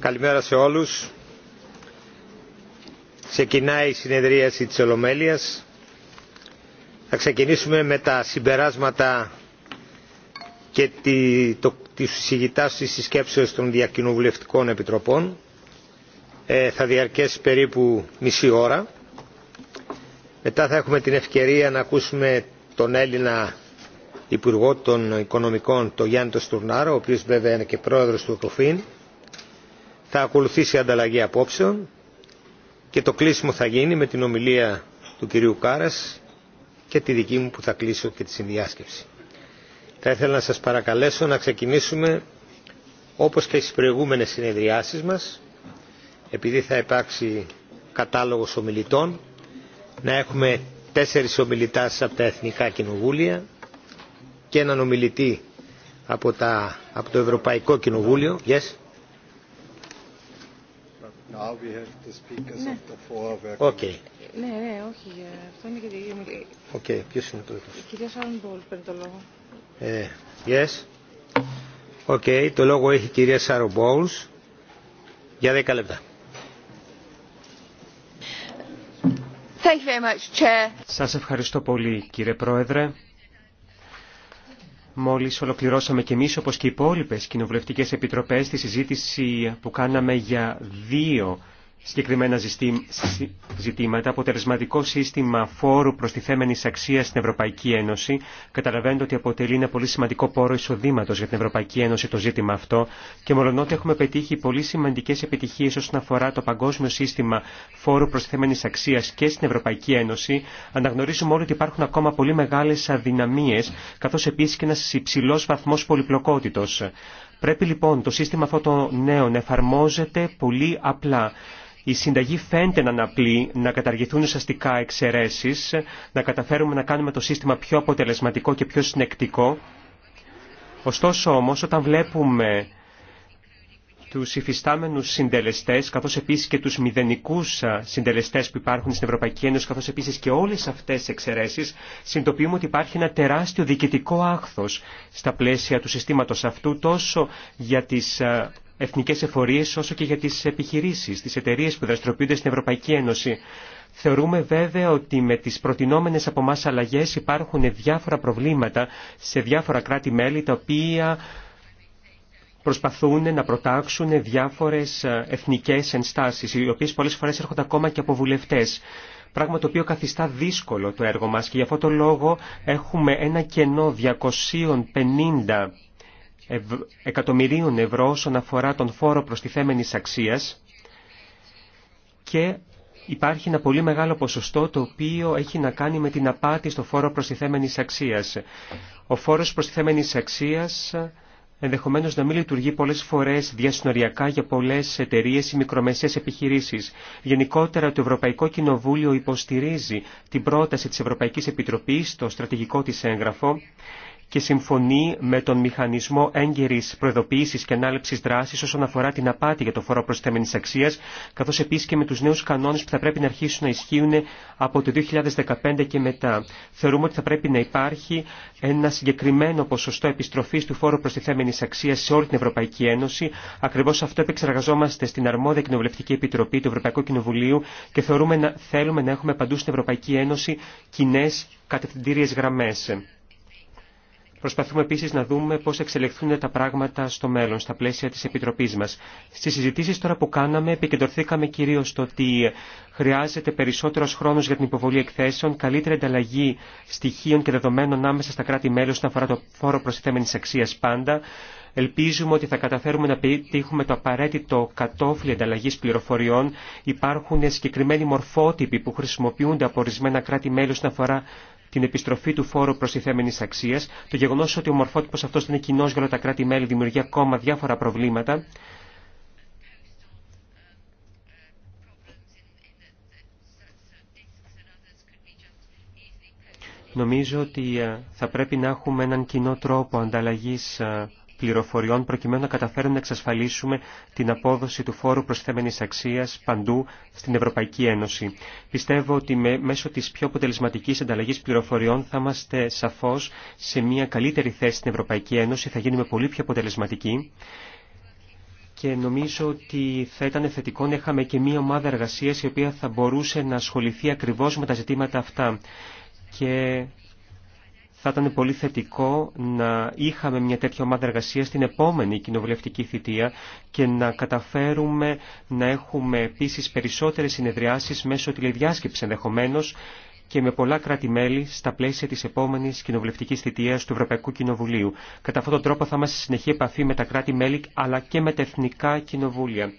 Καλημέρα σε όλους. Ξεκινάει η συνεδρίαση της Ολομέλειας. Θα ξεκινήσουμε με τα συμπεράσματα και τη, το, τη συζητάσεις της σκέψεως των διακοινοβουλευτικών επιτροπών. Ε, θα διαρκέσει περίπου μισή ώρα. Μετά θα έχουμε την ευκαιρία να ακούσουμε τον Έλληνα Υπουργό των Οικονομικών, τον Γιάννη Στουρνάρο, ο οποίος βέβαια είναι και πρόεδρος του ΕΚΟΦΗΝ. Θα ακολουθήσει η ανταλλαγή απόψεων και το κλείσιμο θα γίνει με την ομιλία του κυρίου Κάρας και τη δική μου που θα κλείσω και τη συνδιάσκεψη. Θα ήθελα να σας παρακαλέσω να ξεκινήσουμε όπως και στις προηγούμενες συνεδριάσεις μας επειδή θα υπάρξει κατάλογος ομιλητών να έχουμε τέσσερις ομιλητάς από τα Εθνικά Κοινοβούλια και έναν ομιλητή από, το Ευρωπαϊκό Κοινοβούλιο. Yes. okay. Ναι, ναι, όχι, ε, αυτό είναι και τη Οκ, ποιος είναι το Η κυρία Σάρον Μπόλ παίρνει το λόγο. Ε, yes. Οκ, okay, το λόγο έχει η κυρία Σάρον Μπόλς για 10 λεπτά. Σας ευχαριστώ πολύ κύριε Πρόεδρε. Μόλις ολοκληρώσαμε και εμείς όπως και οι υπόλοιπες κοινοβουλευτικές επιτροπές τη συζήτηση που κάναμε για δύο συγκεκριμένα ζητήματα, αποτελεσματικό σύστημα φόρου θέμενη αξία στην Ευρωπαϊκή Ένωση. Καταλαβαίνετε ότι αποτελεί ένα πολύ σημαντικό πόρο εισοδήματο για την Ευρωπαϊκή Ένωση το ζήτημα αυτό και μολονότι έχουμε πετύχει πολύ σημαντικέ επιτυχίε όσον αφορά το παγκόσμιο σύστημα φόρου θέμενη αξία και στην Ευρωπαϊκή Ένωση, αναγνωρίζουμε όλοι ότι υπάρχουν ακόμα πολύ μεγάλε αδυναμίε, καθώ επίση και ένα υψηλό βαθμό πολυπλοκότητο. Πρέπει λοιπόν το σύστημα αυτό το νέο εφαρμόζεται πολύ απλά η συνταγή φαίνεται να αναπλεί, να καταργηθούν ουσιαστικά εξαιρέσει, να καταφέρουμε να κάνουμε το σύστημα πιο αποτελεσματικό και πιο συνεκτικό. Ωστόσο όμως όταν βλέπουμε τους υφιστάμενους συντελεστές, καθώς επίσης και τους μηδενικούς συντελεστές που υπάρχουν στην Ευρωπαϊκή Ένωση, καθώς επίσης και όλες αυτές τις εξαιρέσεις, συνειδητοποιούμε ότι υπάρχει ένα τεράστιο διοικητικό άχθος στα πλαίσια του συστήματος αυτού, τόσο για τις εθνικές εφορίες όσο και για τις επιχειρήσεις, τις εταιρείες που δραστηριοποιούνται στην Ευρωπαϊκή Ένωση. Θεωρούμε βέβαια ότι με τις προτινόμενες από εμά αλλαγές υπάρχουν διάφορα προβλήματα σε διάφορα κράτη-μέλη τα οποία προσπαθούν να προτάξουν διάφορες ε, εθνικές ενστάσεις, οι οποίες πολλές φορές έρχονται ακόμα και από βουλευτές. Πράγμα το οποίο καθιστά δύσκολο το έργο μας και για αυτό το λόγο έχουμε ένα κενό 250 εκατομμυρίων ευρώ όσον αφορά τον φόρο προστιθέμενης αξίας και υπάρχει ένα πολύ μεγάλο ποσοστό το οποίο έχει να κάνει με την απάτη στο φόρο προστιθέμενης αξίας. Ο φόρος προστιθέμενης αξίας ενδεχομένως να μην λειτουργεί πολλές φορές διασυνοριακά για πολλές εταιρείες ή μικρομεσαίες επιχειρήσεις. Γενικότερα το Ευρωπαϊκό Κοινοβούλιο υποστηρίζει την πρόταση της Ευρωπαϊκής Επιτροπής στο στρατηγικό της έγγραφο και συμφωνεί με τον μηχανισμό έγκαιρη προειδοποίηση και ανάληψη δράση όσον αφορά την απάτη για το φόρο προσθέμενη αξία, καθώ επίση και με του νέου κανόνε που θα πρέπει να αρχίσουν να ισχύουν από το 2015 και μετά. Θεωρούμε ότι θα πρέπει να υπάρχει ένα συγκεκριμένο ποσοστό επιστροφή του φόρου προστιθέμενη αξία σε όλη την Ευρωπαϊκή Ένωση. Ακριβώ αυτό επεξεργαζόμαστε στην αρμόδια κοινοβουλευτική επιτροπή του Ευρωπαϊκού Κοινοβουλίου και θεωρούμε να, θέλουμε να έχουμε παντού στην Ευρωπαϊκή Ένωση κοινέ κατευθυντήριε γραμμέ. Προσπαθούμε επίση να δούμε πώ εξελιχθούν τα πράγματα στο μέλλον, στα πλαίσια τη Επιτροπή μα. Στι συζητήσει τώρα που κάναμε, επικεντρωθήκαμε κυρίω στο ότι χρειάζεται περισσότερο χρόνο για την υποβολή εκθέσεων, καλύτερη ανταλλαγή στοιχείων και δεδομένων άμεσα στα κράτη-μέλη όσον αφορά το φόρο προστιθέμενη αξία πάντα. Ελπίζουμε ότι θα καταφέρουμε να πετύχουμε το απαραίτητο κατόφλι ανταλλαγή πληροφοριών. Υπάρχουν συγκεκριμένοι μορφότυποι που χρησιμοποιούνται από ορισμένα κράτη-μέλη όσον αφορά την επιστροφή του φόρου θέμενη αξία. το γεγονός ότι ο μορφότυπο αυτός δεν είναι κοινό για όλα τα κράτη-μέλη δημιουργεί ακόμα διάφορα προβλήματα, Νομίζω ότι ε, θα πρέπει να έχουμε έναν κοινό τρόπο ανταλλαγής ε, πληροφοριών προκειμένου να καταφέρουμε να εξασφαλίσουμε την απόδοση του φόρου προσθέμενης αξίας παντού στην Ευρωπαϊκή Ένωση. Πιστεύω ότι μέσω της πιο αποτελεσματικής ανταλλαγής πληροφοριών θα είμαστε σαφώς σε μια καλύτερη θέση στην Ευρωπαϊκή Ένωση, θα γίνουμε πολύ πιο αποτελεσματικοί και νομίζω ότι θα ήταν θετικό να είχαμε και μία ομάδα εργασίας η οποία θα μπορούσε να ασχοληθεί ακριβώς με τα ζητήματα αυτά θα ήταν πολύ θετικό να είχαμε μια τέτοια ομάδα εργασία στην επόμενη κοινοβουλευτική θητεία και να καταφέρουμε να έχουμε επίση περισσότερε συνεδριάσεις μέσω τηλεδιάσκεψη ενδεχομένω και με πολλά κράτη-μέλη στα πλαίσια της επόμενης κοινοβουλευτικής θητείας του Ευρωπαϊκού Κοινοβουλίου. Κατά αυτόν τον τρόπο θα είμαστε σε συνεχή επαφή με τα κράτη-μέλη αλλά και με τα εθνικά κοινοβούλια.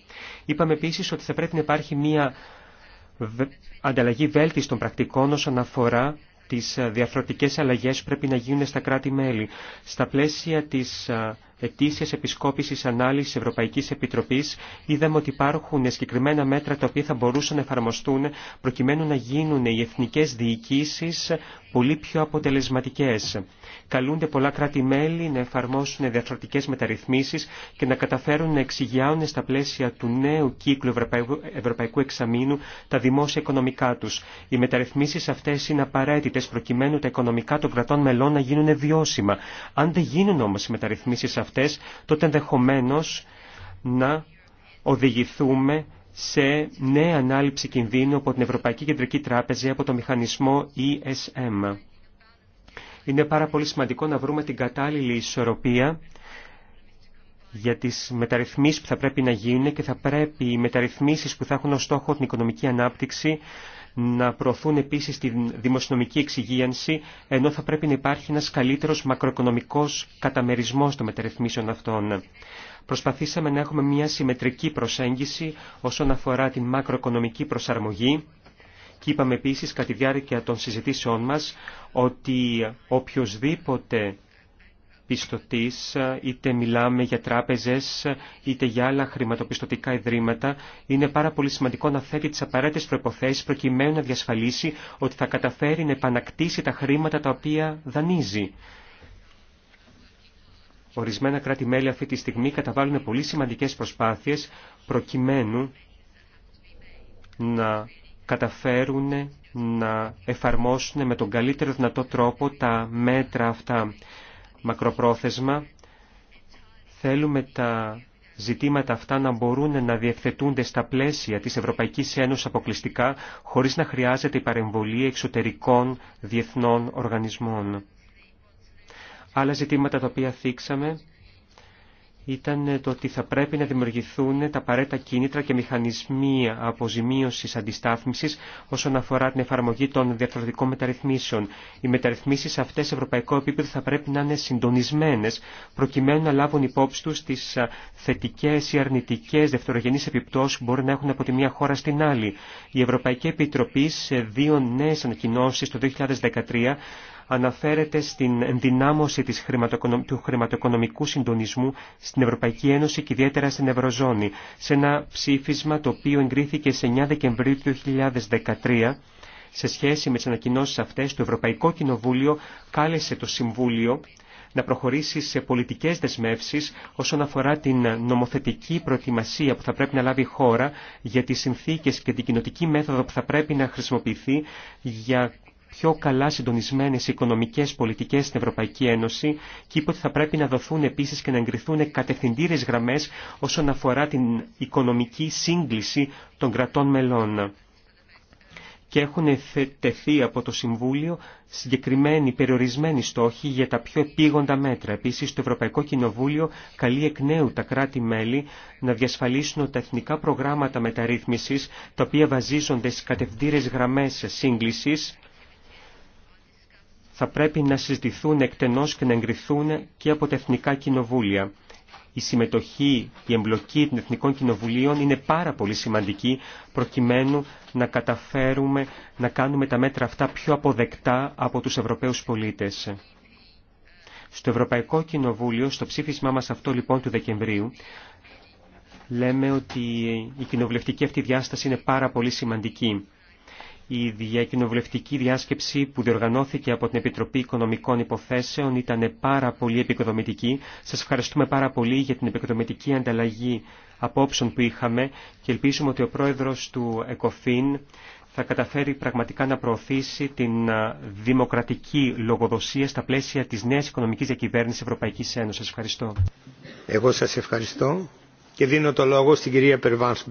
Είπαμε επίσης ότι θα πρέπει να υπάρχει μια ανταλλαγή βέλτιστων πρακτικών όσον αφορά τις ε, διαφορετικές αλλαγές πρέπει να γίνουν στα κράτη-μέλη. Στα πλαίσια της ε, ετήσιας επισκόπησης ανάλυσης Ευρωπαϊκής Επιτροπής είδαμε ότι υπάρχουν συγκεκριμένα μέτρα τα οποία θα μπορούσαν να εφαρμοστούν προκειμένου να γίνουν οι εθνικές διοικήσεις πολύ πιο αποτελεσματικές. Καλούνται πολλά κράτη-μέλη να εφαρμόσουν διαφορετικέ μεταρρυθμίσεις και να καταφέρουν να εξηγιάνουν στα πλαίσια του νέου κύκλου Ευρωπαϊκού, Ευρωπαϊκού τα δημόσια οικονομικά του. Οι μεταρρυθμίσει αυτέ είναι απαραίτητε προκειμένου τα οικονομικά των κρατών μελών να γίνουν βιώσιμα. Αν δεν γίνουν όμω οι μεταρρυθμίσει αυτέ, αυτές, τότε ενδεχομένω να οδηγηθούμε σε νέα ανάληψη κινδύνου από την Ευρωπαϊκή Κεντρική Τράπεζα από το μηχανισμό ESM. Είναι πάρα πολύ σημαντικό να βρούμε την κατάλληλη ισορροπία για τις μεταρρυθμίσεις που θα πρέπει να γίνουν και θα πρέπει οι μεταρρυθμίσεις που θα έχουν ως στόχο την οικονομική ανάπτυξη να προωθούν επίσης τη δημοσιονομική εξυγίανση, ενώ θα πρέπει να υπάρχει ένας καλύτερος μακροοικονομικός καταμερισμός των μεταρρυθμίσεων αυτών. Προσπαθήσαμε να έχουμε μια συμμετρική προσέγγιση όσον αφορά την μακροοικονομική προσαρμογή και είπαμε επίσης κατά τη διάρκεια των συζητήσεών μας ότι οποιοδήποτε πιστωτής, είτε μιλάμε για τράπεζες, είτε για άλλα χρηματοπιστωτικά ιδρύματα, είναι πάρα πολύ σημαντικό να θέτει τις απαραίτητες προϋποθέσεις προκειμένου να διασφαλίσει ότι θα καταφέρει να επανακτήσει τα χρήματα τα οποία δανείζει. Ορισμένα κράτη-μέλη αυτή τη στιγμή καταβάλουν πολύ σημαντικές προσπάθειες προκειμένου να καταφέρουν να εφαρμόσουν με τον καλύτερο δυνατό τρόπο τα μέτρα αυτά μακροπρόθεσμα θέλουμε τα ζητήματα αυτά να μπορούν να διευθετούνται στα πλαίσια της Ευρωπαϊκής Ένωσης αποκλειστικά, χωρίς να χρειάζεται η παρεμβολή εξωτερικών διεθνών οργανισμών. Άλλα ζητήματα τα οποία θίξαμε ήταν το ότι θα πρέπει να δημιουργηθούν τα απαραίτητα κίνητρα και μηχανισμοί αποζημίωσης αντιστάθμισης όσον αφορά την εφαρμογή των διαφορετικών μεταρρυθμίσεων. Οι μεταρρυθμίσεις αυτές σε ευρωπαϊκό επίπεδο θα πρέπει να είναι συντονισμένες προκειμένου να λάβουν υπόψη τους τις θετικές ή αρνητικές δευτερογενείς επιπτώσεις που μπορεί να έχουν από τη μία χώρα στην άλλη. Η Ευρωπαϊκή Επιτροπή σε δύο νέες ανακοινώσεις το 2013 αναφέρεται στην ενδυνάμωση του χρηματοοικονομικού συντονισμού στην Ευρωπαϊκή Ένωση και ιδιαίτερα στην Ευρωζώνη, σε ένα ψήφισμα το οποίο εγκρίθηκε σε 9 Δεκεμβρίου 2013, σε σχέση με τις ανακοινώσεις αυτές, το Ευρωπαϊκό Κοινοβούλιο κάλεσε το Συμβούλιο να προχωρήσει σε πολιτικές δεσμεύσεις όσον αφορά την νομοθετική προετοιμασία που θα πρέπει να λάβει η χώρα για τις συνθήκες και την κοινοτική μέθοδο που θα πρέπει να χρησιμοποιηθεί για πιο καλά συντονισμένε οικονομικέ πολιτικέ στην Ευρωπαϊκή Ένωση και είπε ότι θα πρέπει να δοθούν επίση και να εγκριθούν κατευθυντήρε γραμμέ όσον αφορά την οικονομική σύγκληση των κρατών μελών και έχουν τεθεί από το Συμβούλιο συγκεκριμένοι περιορισμένοι στόχοι για τα πιο επίγοντα μέτρα. Επίσης, το Ευρωπαϊκό Κοινοβούλιο καλεί εκ νέου τα κράτη-μέλη να διασφαλίσουν ότι τα εθνικά προγράμματα μεταρρύθμιση, τα οποία βαζίζονται στι κατευθύνε γραμμέ σύγκληση, θα πρέπει να συζητηθούν εκτενώς και να εγκριθούν και από τα εθνικά κοινοβούλια. Η συμμετοχή, η εμπλοκή των εθνικών κοινοβουλίων είναι πάρα πολύ σημαντική προκειμένου να καταφέρουμε να κάνουμε τα μέτρα αυτά πιο αποδεκτά από τους Ευρωπαίους πολίτες. Στο Ευρωπαϊκό Κοινοβούλιο, στο ψήφισμά μας αυτό λοιπόν του Δεκεμβρίου, λέμε ότι η κοινοβουλευτική αυτή διάσταση είναι πάρα πολύ σημαντική. Η διακοινοβουλευτική διάσκεψη που διοργανώθηκε από την Επιτροπή Οικονομικών Υποθέσεων ήταν πάρα πολύ επικοδομητική. Σας ευχαριστούμε πάρα πολύ για την επικοδομητική ανταλλαγή απόψεων που είχαμε και ελπίζουμε ότι ο πρόεδρος του ΕΚΟΦΗΝ θα καταφέρει πραγματικά να προωθήσει την δημοκρατική λογοδοσία στα πλαίσια της νέας οικονομικής διακυβέρνησης Ευρωπαϊκής Ένωσης. Σας ευχαριστώ. Εγώ σας ευχαριστώ και δίνω το λόγο στην κυρία Περβάνς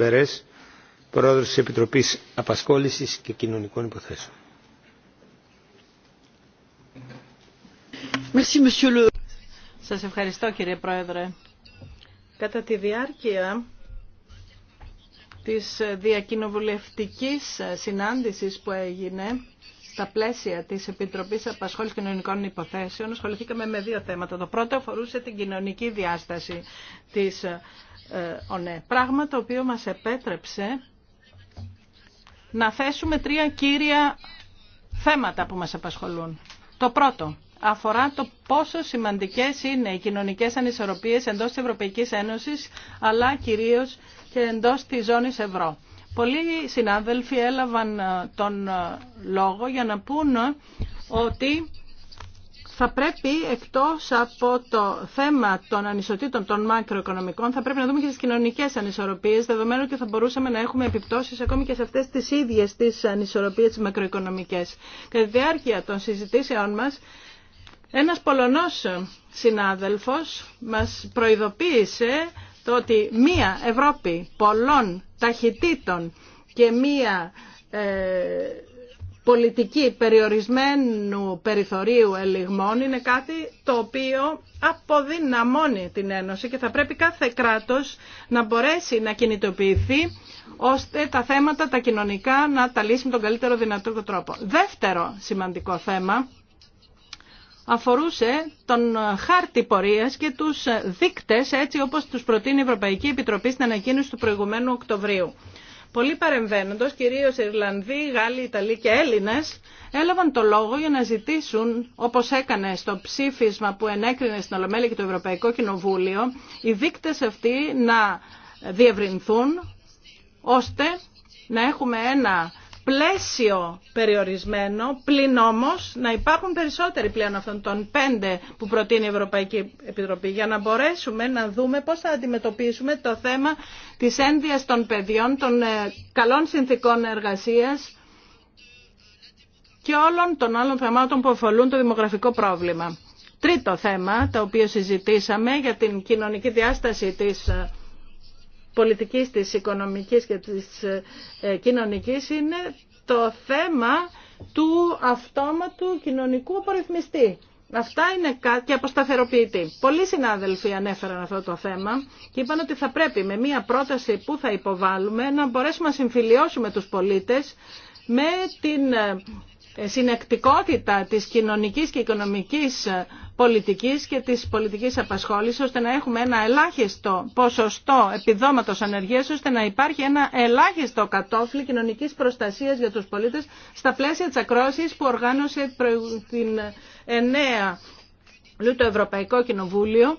πρόεδρος της Επιτροπής Απασχόλησης και Κοινωνικών Υποθέσεων. Σας ευχαριστώ κύριε Πρόεδρε. Κατά τη διάρκεια της διακοινοβουλευτικής συνάντησης που έγινε στα πλαίσια της Επιτροπής Απασχόλησης Κοινωνικών Υποθέσεων ασχοληθήκαμε με δύο θέματα. Το πρώτο αφορούσε την κοινωνική διάσταση της ΩΝΕ. Ε, πράγμα το οποίο μας επέτρεψε να θέσουμε τρία κύρια θέματα που μας απασχολούν. Το πρώτο αφορά το πόσο σημαντικές είναι οι κοινωνικές ανισορροπίες εντός της Ευρωπαϊκής Ένωσης, αλλά κυρίως και εντός της ζώνης ευρώ. Πολλοί συνάδελφοι έλαβαν ε, τον ε, λόγο για να πούν ότι θα πρέπει εκτός από το θέμα των ανισοτήτων των μακροοικονομικών θα πρέπει να δούμε και τις κοινωνικές ανισορροπίες δεδομένου ότι θα μπορούσαμε να έχουμε επιπτώσεις ακόμη και σε αυτές τις ίδιες τις ανισορροπίες τις μακροοικονομικές. Κατά τη διάρκεια των συζητήσεών μας ένας Πολωνός συνάδελφος μας προειδοποίησε το ότι μία Ευρώπη πολλών ταχυτήτων και μία ε, πολιτική περιορισμένου περιθωρίου ελιγμών είναι κάτι το οποίο αποδυναμώνει την Ένωση και θα πρέπει κάθε κράτος να μπορέσει να κινητοποιηθεί ώστε τα θέματα τα κοινωνικά να τα λύσει με τον καλύτερο δυνατό τρόπο. Δεύτερο σημαντικό θέμα αφορούσε τον χάρτη πορείας και τους δείκτες έτσι όπως τους προτείνει η Ευρωπαϊκή Επιτροπή στην ανακοίνωση του προηγουμένου Οκτωβρίου. Πολλοί παρεμβαίνοντος, κυρίως Ιρλανδοί, Γάλλοι, Ιταλοί και Έλληνες, έλαβαν το λόγο για να ζητήσουν, όπως έκανε στο ψήφισμα που ενέκρινε στην Ολομέλη και το Ευρωπαϊκό Κοινοβούλιο, οι δείκτες αυτοί να διευρυνθούν, ώστε να έχουμε ένα πλαίσιο περιορισμένο, πλην όμω να υπάρχουν περισσότεροι πλέον αυτών των πέντε που προτείνει η Ευρωπαϊκή Επιτροπή, για να μπορέσουμε να δούμε πώς θα αντιμετωπίσουμε το θέμα της ένδυας των παιδιών, των ε, καλών συνθήκων εργασίας και όλων των άλλων θεμάτων που αφορούν το δημογραφικό πρόβλημα. Τρίτο θέμα, το οποίο συζητήσαμε για την κοινωνική διάσταση της ε, πολιτικής, της οικονομικής και της ε, κοινωνικής είναι το θέμα του αυτόματου κοινωνικού απορριθμιστή. Αυτά είναι κάτι αποσταθεροποιητή. Πολλοί συνάδελφοι ανέφεραν αυτό το θέμα και είπαν ότι θα πρέπει με μία πρόταση που θα υποβάλουμε να μπορέσουμε να συμφιλιώσουμε τους πολίτες με την ε, συνεκτικότητα της κοινωνικής και οικονομικής ε, πολιτικής και της πολιτικής απασχόλησης ώστε να έχουμε ένα ελάχιστο ποσοστό επιδόματος ανεργίας ώστε να υπάρχει ένα ελάχιστο κατόφλι κοινωνικής προστασίας για τους πολίτες στα πλαίσια της ακρόασης που οργάνωσε την 9 ε, του Ευρωπαϊκό Κοινοβούλιο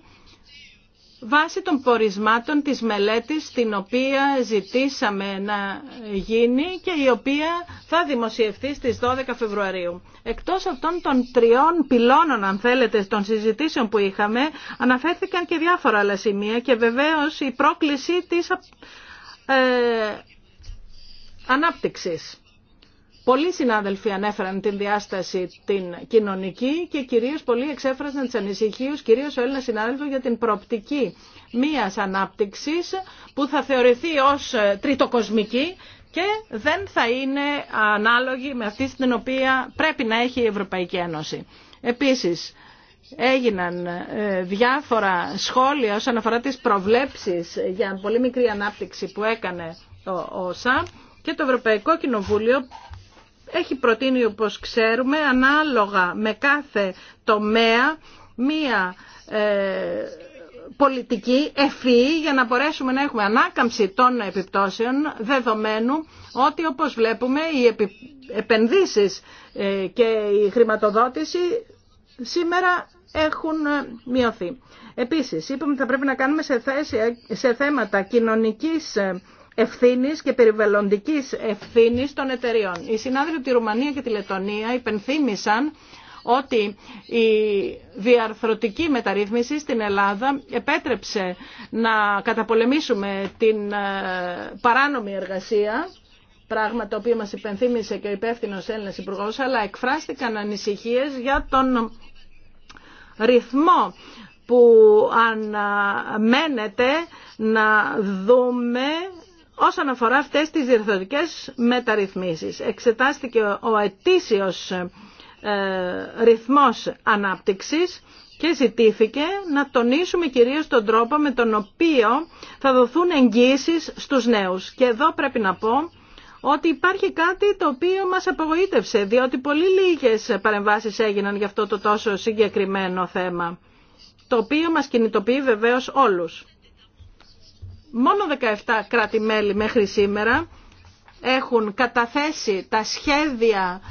βάσει των πορισμάτων της μελέτης την οποία ζητήσαμε να γίνει και η οποία θα δημοσιευθεί στις 12 Φεβρουαρίου. Εκτός αυτών των τριών πυλώνων, αν θέλετε, των συζητήσεων που είχαμε, αναφέρθηκαν και διάφορα άλλα σημεία και βεβαίως η πρόκληση της ε, ανάπτυξης. Πολλοί συνάδελφοι ανέφεραν την διάσταση την κοινωνική και κυρίως πολλοί εξέφρασαν τις ανησυχίες, κυρίως ο Έλληνας συνάδελφος για την προοπτική μίας ανάπτυξης που θα θεωρηθεί ως ε, τριτοκοσμική και δεν θα είναι ανάλογη με αυτή στην οποία πρέπει να έχει η Ευρωπαϊκή Ένωση. Επίσης, έγιναν ε, διάφορα σχόλια όσον αφορά τις προβλέψεις για πολύ μικρή ανάπτυξη που έκανε ο ΩΣΑ και το Ευρωπαϊκό Κοινοβούλιο έχει προτείνει όπως ξέρουμε ανάλογα με κάθε τομέα μία ε, πολιτική ευφυή για να μπορέσουμε να έχουμε ανάκαμψη των επιπτώσεων δεδομένου ότι όπως βλέπουμε οι επενδύσεις ε, και η χρηματοδότηση σήμερα έχουν ε, μειωθεί. Επίσης, είπαμε ότι θα πρέπει να κάνουμε σε, σε θέματα κοινωνικής ευθύνης και περιβαλλοντική ευθύνη των εταιριών. Οι συνάδελφοι από τη Ρουμανία και τη Λετωνία υπενθύμησαν ότι η διαρθρωτική μεταρρύθμιση στην Ελλάδα επέτρεψε να καταπολεμήσουμε την ε, παράνομη εργασία, πράγμα το οποίο μας υπενθύμησε και ο υπεύθυνο Έλληνας Υπουργός, αλλά εκφράστηκαν ανησυχίες για τον ρυθμό που αναμένεται να δούμε όσον αφορά αυτές τις διορθωτικές μεταρρυθμίσεις. Εξετάστηκε ο ετήσιος ε, ρυθμός ανάπτυξης και ζητήθηκε να τονίσουμε κυρίως τον τρόπο με τον οποίο θα δοθούν εγγύησεις στους νέους. Και εδώ πρέπει να πω ότι υπάρχει κάτι το οποίο μας απογοήτευσε, διότι πολύ λίγες παρεμβάσεις έγιναν για αυτό το τόσο συγκεκριμένο θέμα, το οποίο μας κινητοποιεί βεβαίως όλους μόνο 17 κράτη-μέλη μέχρι σήμερα έχουν καταθέσει τα σχέδια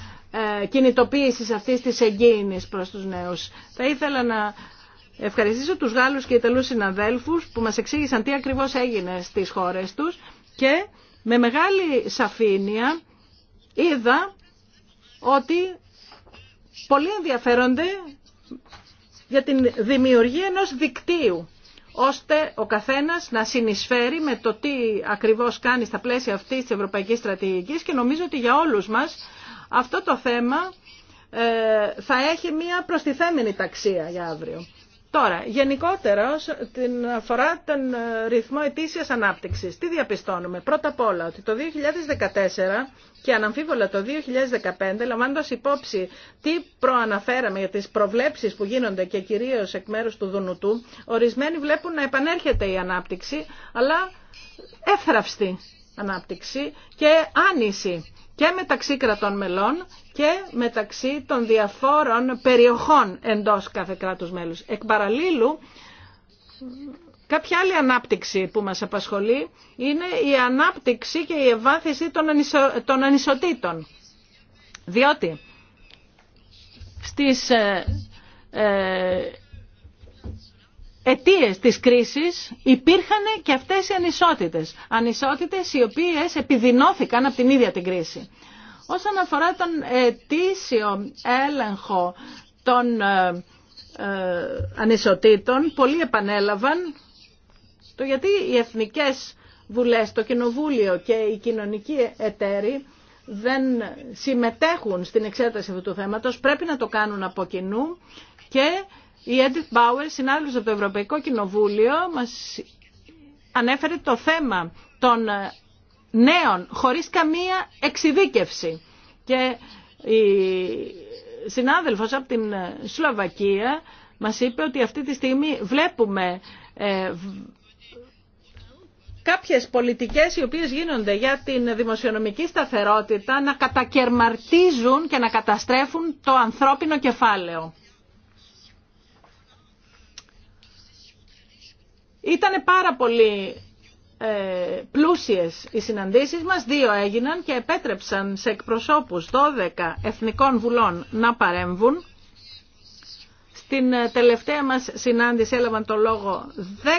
ε, κινητοποίησης αυτής της εγκίνης προς τους νέους. Θα ήθελα να ευχαριστήσω τους Γάλλους και Ιταλούς συναδέλφους που μας εξήγησαν τι ακριβώς έγινε στις χώρες τους και με μεγάλη σαφήνεια είδα ότι πολλοί ενδιαφέρονται για την δημιουργία ενός δικτύου ώστε ο καθένας να συνεισφέρει με το τι ακριβώς κάνει στα πλαίσια αυτής της ευρωπαϊκής στρατηγικής και νομίζω ότι για όλους μας αυτό το θέμα ε, θα έχει μια προστιθέμενη ταξία για αύριο. Τώρα, γενικότερα, την αφορά τον ε, ρυθμό ετήσιας ανάπτυξης, τι διαπιστώνουμε. Πρώτα απ' όλα, ότι το 2014 και αναμφίβολα το 2015, λαμβάνοντας υπόψη τι προαναφέραμε για τις προβλέψεις που γίνονται και κυρίως εκ μέρους του Δουνουτού, ορισμένοι βλέπουν να επανέρχεται η ανάπτυξη, αλλά εύθραυστη ανάπτυξη και άνηση και μεταξύ κρατών μελών και μεταξύ των διαφόρων περιοχών εντός κάθε κράτους μέλους. Εκ παραλίλου, κάποια άλλη ανάπτυξη που μας απασχολεί είναι η ανάπτυξη και η ευάθυνση των, ανισοτήτων. Διότι στις ε, ε, αιτίες της κρίσης υπήρχαν και αυτές οι ανισότητες. Ανισότητες οι οποίες επιδεινώθηκαν από την ίδια την κρίση. Όσον αφορά τον ετήσιο έλεγχο των ε, ε, ανισοτήτων, πολλοί επανέλαβαν το γιατί οι εθνικές βουλές, το κοινοβούλιο και οι κοινωνικοί εταίροι δεν συμμετέχουν στην εξέταση αυτού του θέματος πρέπει να το κάνουν από κοινού και η Edith Bauer, συνάδελφος από το Ευρωπαϊκό Κοινοβούλιο, μας ανέφερε το θέμα των νέων χωρίς καμία εξειδίκευση. Και η συνάδελφος από την Σλοβακία μας είπε ότι αυτή τη στιγμή βλέπουμε ε, κάποιες πολιτικές οι οποίες γίνονται για την δημοσιονομική σταθερότητα να κατακερματίζουν και να καταστρέφουν το ανθρώπινο κεφάλαιο. Ήταν πάρα πολύ ε, πλούσιες οι συναντήσεις μας, δύο έγιναν και επέτρεψαν σε εκπροσώπους 12 εθνικών βουλών να παρέμβουν. Στην ε, τελευταία μας συνάντηση έλαβαν το λόγο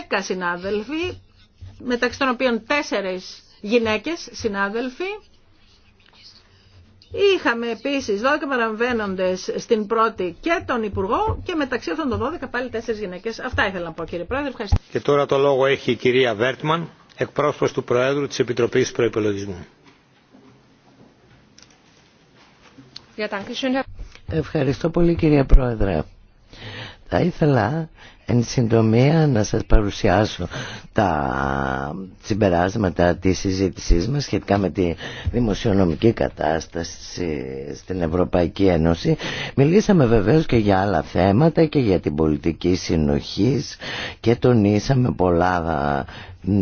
10 συνάδελφοι, μεταξύ των οποίων τέσσερις γυναίκες, συνάδελφοι. Είχαμε επίσης 12 παραμβαίνοντες στην πρώτη και τον Υπουργό και μεταξύ αυτών των 12 πάλι τέσσερις γυναίκες. Αυτά ήθελα να πω κύριε Πρόεδρε. Ευχαριστώ. Και τώρα το λόγο έχει η κυρία Βέρτμαν, εκπρόσωπος του Προέδρου της Επιτροπής Προϋπολογισμού. Ευχαριστώ πολύ κύριε Πρόεδρε. Θα ήθελα Εν συντομία να σας παρουσιάσω τα συμπεράσματα της συζήτησής μας σχετικά με τη δημοσιονομική κατάσταση στην Ευρωπαϊκή Ένωση. Μιλήσαμε βεβαίως και για άλλα θέματα και για την πολιτική συνοχής και τονίσαμε πολλά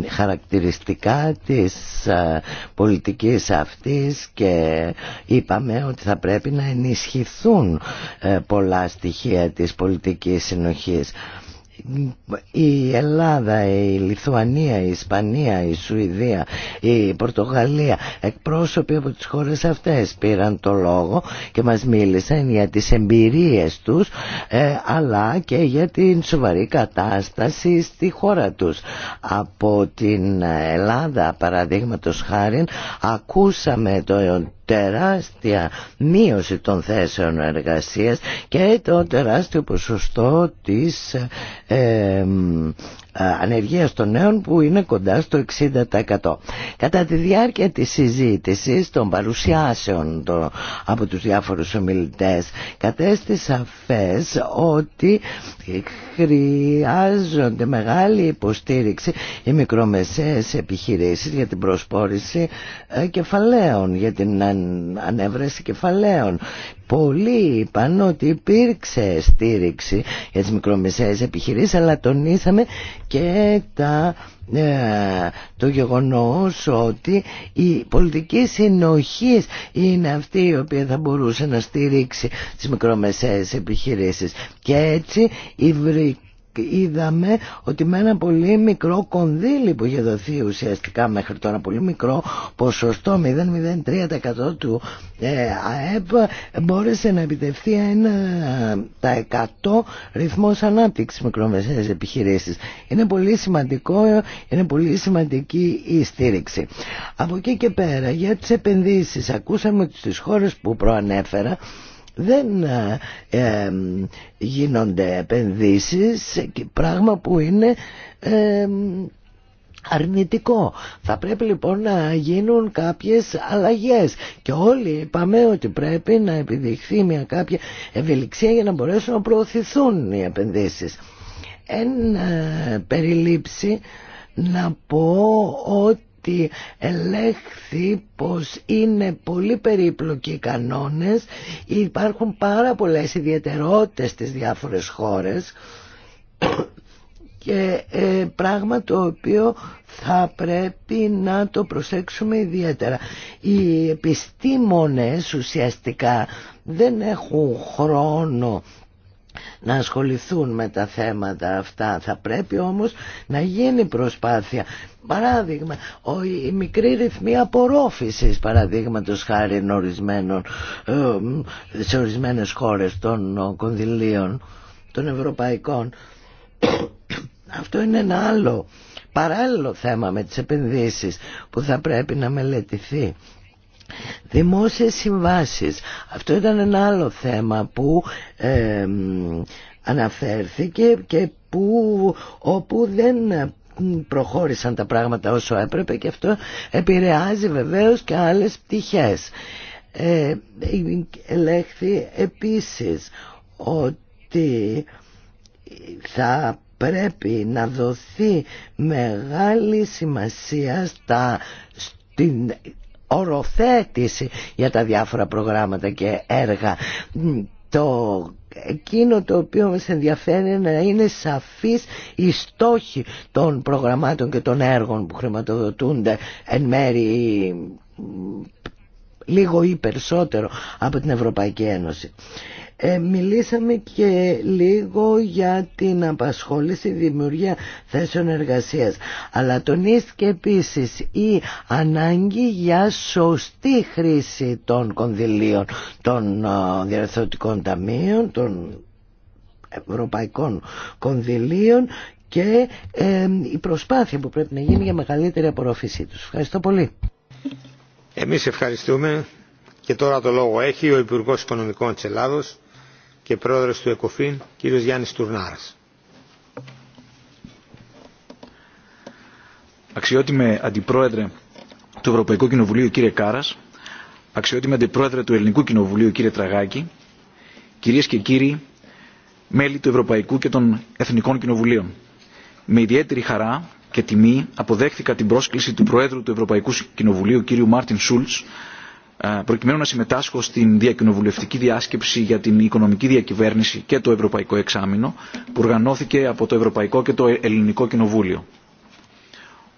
χαρακτηριστικά της ε, πολιτικής αυτής και είπαμε ότι θα πρέπει να ενισχυθούν ε, πολλά στοιχεία της πολιτικής συνοχής η Ελλάδα, η Λιθουανία, η Ισπανία, η Σουηδία, η Πορτογαλία, εκπρόσωποι από τις χώρες αυτές πήραν το λόγο και μας μίλησαν για τις εμπειρίες τους ε, αλλά και για την σοβαρή κατάσταση στη χώρα τους. Από την Ελλάδα παραδείγματος χάρη ακούσαμε το τεράστια μείωση των θέσεων εργασίας και το τεράστιο ποσοστό της ε, ε, ανεργία των νέων που είναι κοντά στο 60%. Κατά τη διάρκεια της συζήτησης των παρουσιάσεων το, από τους διάφορους ομιλητές κατέστησε φες ότι χρειάζονται μεγάλη υποστήριξη οι μικρομεσαίες επιχειρήσεις για την προσπόρηση ε, κεφαλαίων, για την ανέβρεση κεφαλαίων. Πολλοί είπαν ότι υπήρξε στήριξη για τις μικρομεσαίες επιχειρήσεις αλλά τονίσαμε και τα, ε, το γεγονός ότι η πολιτική συνοχή είναι αυτή η οποία θα μπορούσε να στήριξει τις μικρομεσαίες επιχειρήσεις και έτσι η είδαμε ότι με ένα πολύ μικρό κονδύλι που είχε δοθεί ουσιαστικά μέχρι τώρα πολύ μικρό ποσοστό 0,03% του ε, ΑΕΠ μπόρεσε να επιτευθεί ένα τα 100 ρυθμός ανάπτυξης μικρομεσαίες επιχειρήσεις είναι πολύ σημαντικό είναι πολύ σημαντική η στήριξη από εκεί και πέρα για τις επενδύσεις ακούσαμε τις χώρες που προανέφερα δεν ε, ε, γίνονται επενδύσεις, πράγμα που είναι ε, αρνητικό. Θα πρέπει λοιπόν να γίνουν κάποιες αλλαγές και όλοι είπαμε ότι πρέπει να επιδειχθεί μια κάποια ευελιξία για να μπορέσουν να προωθηθούν οι επενδύσεις. Εν ε, περιλήψη να πω ότι ότι ελέγχθη πως είναι πολύ περίπλοκοι οι κανόνες, υπάρχουν πάρα πολλές ιδιαιτερότητες στις διάφορες χώρες και ε, πράγμα το οποίο θα πρέπει να το προσέξουμε ιδιαίτερα. Οι επιστήμονες ουσιαστικά δεν έχουν χρόνο να ασχοληθούν με τα θέματα αυτά. Θα πρέπει όμως να γίνει προσπάθεια Παράδειγμα, ο, η μικρή ρυθμή απορρόφησης παραδείγματος χάρη ε, σε ορισμένες χώρες των ο, ε, κονδυλίων των ευρωπαϊκών. Αυτό είναι ένα άλλο παράλληλο θέμα με τις επενδύσεις που θα πρέπει να μελετηθεί. Δημόσιες συμβάσεις. Αυτό ήταν ένα άλλο θέμα που ε, αναφέρθηκε και που, όπου δεν προχώρησαν τα πράγματα όσο έπρεπε και αυτό επηρεάζει βεβαίως και άλλες πτυχές. Ε, ελέγχθη επίσης ότι θα πρέπει να δοθεί μεγάλη σημασία στα, στην οροθέτηση για τα διάφορα προγράμματα και έργα. Το εκείνο το οποίο μας ενδιαφέρει είναι να είναι σαφής η στόχη των προγραμμάτων και των έργων που χρηματοδοτούνται εν μέρη λίγο ή περισσότερο από την Ευρωπαϊκή Ένωση. Ε, μιλήσαμε και λίγο για την απασχόληση δημιουργία θέσεων εργασίας αλλά τονίστηκε επίσης η ανάγκη για σωστή χρήση των κονδυλίων των διαρθρωτικών ταμείων των ευρωπαϊκών κονδυλίων και ε, η προσπάθεια που πρέπει να γίνει για μεγαλύτερη απορρόφησή τους. Ευχαριστώ πολύ. Εμείς ευχαριστούμε και τώρα το λόγο έχει ο Υπουργός Οικονομικών της Ελλάδος και πρόεδρος του ΕΚΟΦΗΝ, κύριος Γιάννης Τουρνάρας. Αξιότιμε Αντιπρόεδρε του Ευρωπαϊκού Κοινοβουλίου κύριε Κάρας, αξιότιμε Αντιπρόεδρε του Ελληνικού Κοινοβουλίου κύριε Τραγάκη, κυρίες και κύριοι μέλη του Ευρωπαϊκού και των Εθνικών Κοινοβουλίων. Με ιδιαίτερη χαρά και τιμή αποδέχθηκα την πρόσκληση του Προέδρου του Ευρωπαϊκού Κοινοβουλίου κύριου Μάρτιν Σούλτς ε, προκειμένου να συμμετάσχω στην διακοινοβουλευτική διάσκεψη για την οικονομική διακυβέρνηση και το Ευρωπαϊκό Εξάμεινο που οργανώθηκε από το Ευρωπαϊκό και το Ελληνικό Κοινοβούλιο.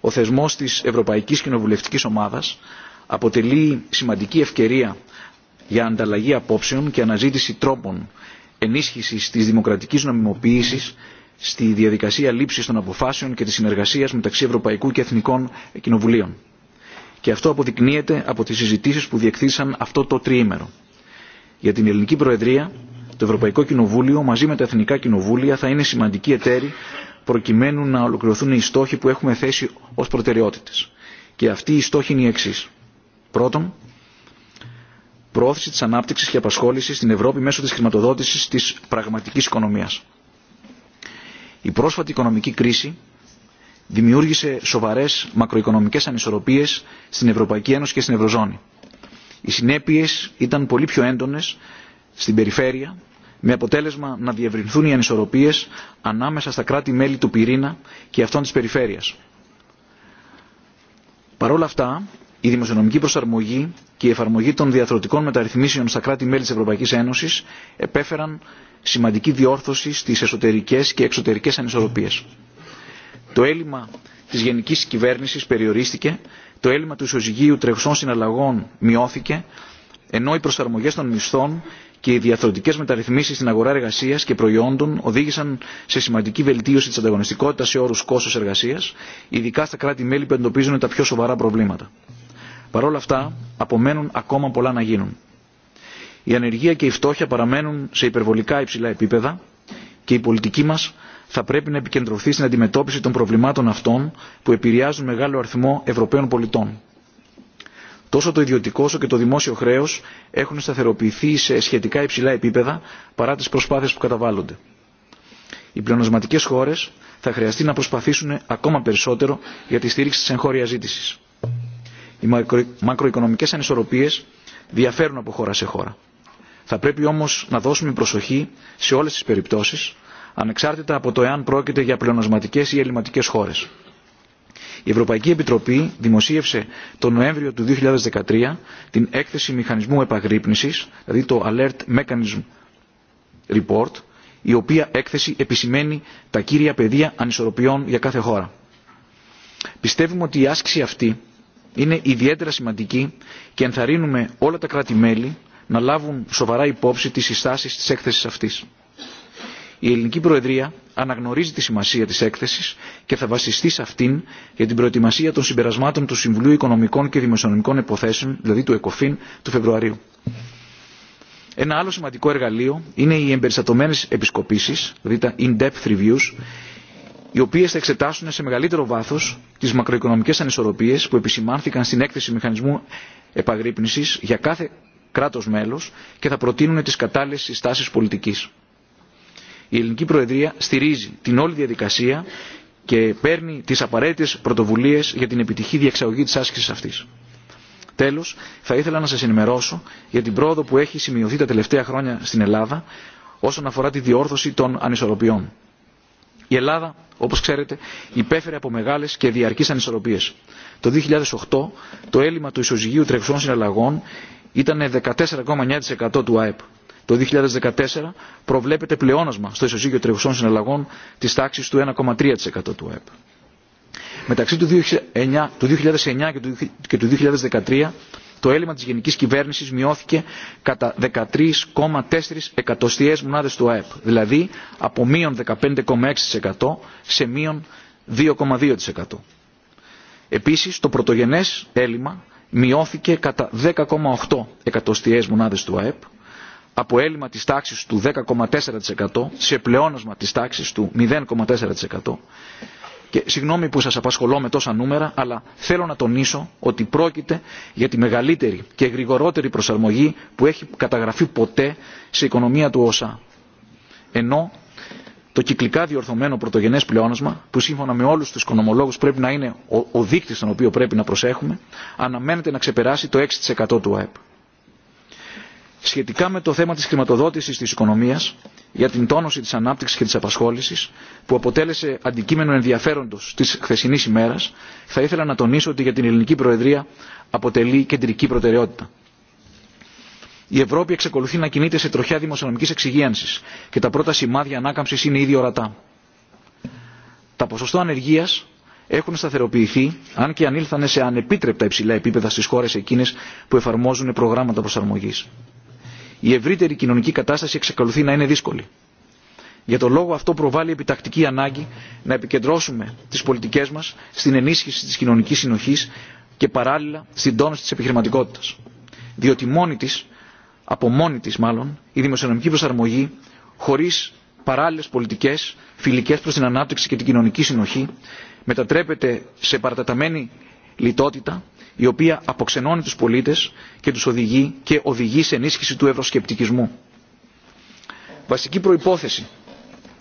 Ο θεσμός της Ευρωπαϊκής Κοινοβουλευτικής Ομάδας αποτελεί σημαντική ευκαιρία για ανταλλαγή απόψεων και αναζήτηση τρόπων ενίσχυσης της δημοκρατικής νομιμοποίησης στη διαδικασία λήψης των αποφάσεων και της συνεργασίας μεταξύ Ευρωπαϊκού και Εθνικών Κοινοβουλίων και αυτό αποδεικνύεται από τις συζητήσει που διεκθήσαν αυτό το τριήμερο. Για την ελληνική προεδρία, το Ευρωπαϊκό Κοινοβούλιο μαζί με τα εθνικά κοινοβούλια θα είναι σημαντικοί εταίροι προκειμένου να ολοκληρωθούν οι στόχοι που έχουμε θέσει ως προτεραιότητες. Και αυτοί οι στόχοι είναι οι εξή. Πρώτον, προώθηση τη ανάπτυξη και απασχόληση στην Ευρώπη μέσω τη χρηματοδότηση τη πραγματική οικονομία. Η πρόσφατη οικονομική κρίση δημιούργησε σοβαρέ μακροοικονομικές ανισορροπίε στην Ευρωπαϊκή Ένωση και στην Ευρωζώνη. Οι συνέπειε ήταν πολύ πιο έντονε στην περιφέρεια, με αποτέλεσμα να διευρυνθούν οι ανισορροπίε ανάμεσα στα κράτη-μέλη του πυρήνα και αυτών τη περιφέρεια. Παρ' όλα αυτά, η δημοσιονομική προσαρμογή και η εφαρμογή των διαθροτικών μεταρρυθμίσεων στα κράτη-μέλη τη Ευρωπαϊκή Ένωση επέφεραν σημαντική διόρθωση στι εσωτερικέ και εξωτερικέ ανισορροπίε το έλλειμμα της γενικής κυβέρνησης περιορίστηκε, το έλλειμμα του ισοζυγίου τρεχουσών συναλλαγών μειώθηκε, ενώ οι προσαρμογές των μισθών και οι διαθροτικές μεταρρυθμίσεις στην αγορά εργασίας και προϊόντων οδήγησαν σε σημαντική βελτίωση της ανταγωνιστικότητας σε όρους κόστος εργασίας, ειδικά στα κράτη-μέλη που εντοπίζουν τα πιο σοβαρά προβλήματα. Παρ' όλα αυτά, απομένουν ακόμα πολλά να γίνουν. Η ανεργία και η φτώχεια παραμένουν σε υπερβολικά υψηλά επίπεδα και η πολιτική μας θα πρέπει να επικεντρωθεί στην αντιμετώπιση των προβλημάτων αυτών που επηρεάζουν μεγάλο αριθμό Ευρωπαίων πολιτών. Τόσο το ιδιωτικό όσο και το δημόσιο χρέο έχουν σταθεροποιηθεί σε σχετικά υψηλά επίπεδα παρά τι προσπάθειε που καταβάλλονται. Οι πλεονασματικέ χώρε θα χρειαστεί να προσπαθήσουν ακόμα περισσότερο για τη στήριξη τη εγχώρια ζήτηση. Οι μακροοικονομικέ ανισορροπίε διαφέρουν από χώρα σε χώρα. Θα πρέπει όμω να δώσουμε προσοχή σε όλε τι περιπτώσει ανεξάρτητα από το εάν πρόκειται για πλεονασματικέ ή ελληνικέ χώρε. Η ελληματικε χωρες Επιτροπή δημοσίευσε τον Νοέμβριο του 2013 την έκθεση μηχανισμού επαγρύπνηση, δηλαδή το Alert Mechanism Report, η οποία έκθεση επισημαίνει τα κύρια πεδία ανισορροπιών για κάθε χώρα. Πιστεύουμε ότι η άσκηση αυτή είναι ιδιαίτερα σημαντική και ενθαρρύνουμε όλα τα κράτη-μέλη να λάβουν σοβαρά υπόψη τις συστάσεις της έκθεσης αυτής η ελληνική προεδρία αναγνωρίζει τη σημασία της έκθεσης και θα βασιστεί σε αυτήν για την προετοιμασία των συμπερασμάτων του Συμβουλίου Οικονομικών και Δημοσιονομικών Υποθέσεων, δηλαδή του ΕΚΟΦΗΝ, του Φεβρουαρίου. Ένα άλλο σημαντικό εργαλείο είναι οι εμπεριστατωμένες επισκοπήσεις, δηλαδή τα in-depth reviews, οι οποίες θα εξετάσουν σε μεγαλύτερο βάθος τις μακροοικονομικές ανισορροπίες που επισημάνθηκαν στην έκθεση μηχανισμού επαγρύπνησης για κάθε κράτος μέλος και θα προτείνουν τις κατάλληλες συστάσεις πολιτικής η ελληνική προεδρία στηρίζει την όλη διαδικασία και παίρνει τις απαραίτητες πρωτοβουλίες για την επιτυχή διεξαγωγή της άσκησης αυτής. Τέλος, θα ήθελα να σας ενημερώσω για την πρόοδο που έχει σημειωθεί τα τελευταία χρόνια στην Ελλάδα όσον αφορά τη διόρθωση των ανισορροπιών. Η Ελλάδα, όπως ξέρετε, υπέφερε από μεγάλες και διαρκείς ανισορροπίες. Το 2008 το έλλειμμα του ισοζυγίου τρεξών συναλλαγών ήταν 14,9% του ΑΕΠ. Το 2014 προβλέπεται πλεόνασμα στο ισοζύγιο τρεχουσών συναλλαγών της τάξης του 1,3% του ΑΕΠ. Μεταξύ του 2009 και του 2013 το έλλειμμα της γενικής κυβέρνησης μειώθηκε κατά 13,4 εκατοστιαίες μονάδες του ΑΕΠ, δηλαδή από μείον 15,6% σε μείον 2,2%. Επίσης, το πρωτογενές έλλειμμα μειώθηκε κατά 10,8 εκατοστιαίες μονάδες του ΑΕΠ, από έλλειμμα της τάξης του 10,4% σε πλεόνασμα της τάξης του 0,4%. Και συγγνώμη που σας απασχολώ με τόσα νούμερα, αλλά θέλω να τονίσω ότι πρόκειται για τη μεγαλύτερη και γρηγορότερη προσαρμογή που έχει καταγραφεί ποτέ σε οικονομία του ΩΣΑ. Ενώ το κυκλικά διορθωμένο πρωτογενέ πλεόνασμα, που σύμφωνα με όλου του οικονομολόγου πρέπει να είναι ο δείκτη στον οποίο πρέπει να προσέχουμε, αναμένεται να ξεπεράσει το 6% του ΑΕΠ σχετικά με το θέμα της χρηματοδότησης της οικονομίας για την τόνωση της ανάπτυξης και της απασχόλησης που αποτέλεσε αντικείμενο ενδιαφέροντος της χθεσινής ημέρας θα ήθελα να τονίσω ότι για την ελληνική προεδρία αποτελεί κεντρική προτεραιότητα. Η Ευρώπη εξακολουθεί να κινείται σε τροχιά δημοσιονομικής εξυγίανσης και τα πρώτα σημάδια ανάκαμψης είναι ήδη ορατά. Τα ποσοστό ανεργίας έχουν σταθεροποιηθεί, αν και ανήλθανε σε ανεπίτρεπτα υψηλά επίπεδα στις χώρες εκείνες που εφαρμόζουν προγράμματα προσαρμογής η ευρύτερη κοινωνική κατάσταση εξακολουθεί να είναι δύσκολη. Για τον λόγο αυτό προβάλλει επιτακτική ανάγκη να επικεντρώσουμε τις πολιτικές μας στην ενίσχυση της κοινωνικής συνοχής και παράλληλα στην τόνωση της επιχειρηματικότητας. Διότι μόνη της, από μόνη της μάλλον, η δημοσιονομική προσαρμογή χωρίς παράλληλες πολιτικές φιλικές προς την ανάπτυξη και την κοινωνική συνοχή μετατρέπεται σε παραταταμένη λιτότητα η οποία αποξενώνει τους πολίτες και τους οδηγεί και οδηγεί σε ενίσχυση του ευρωσκεπτικισμού. Βασική προϋπόθεση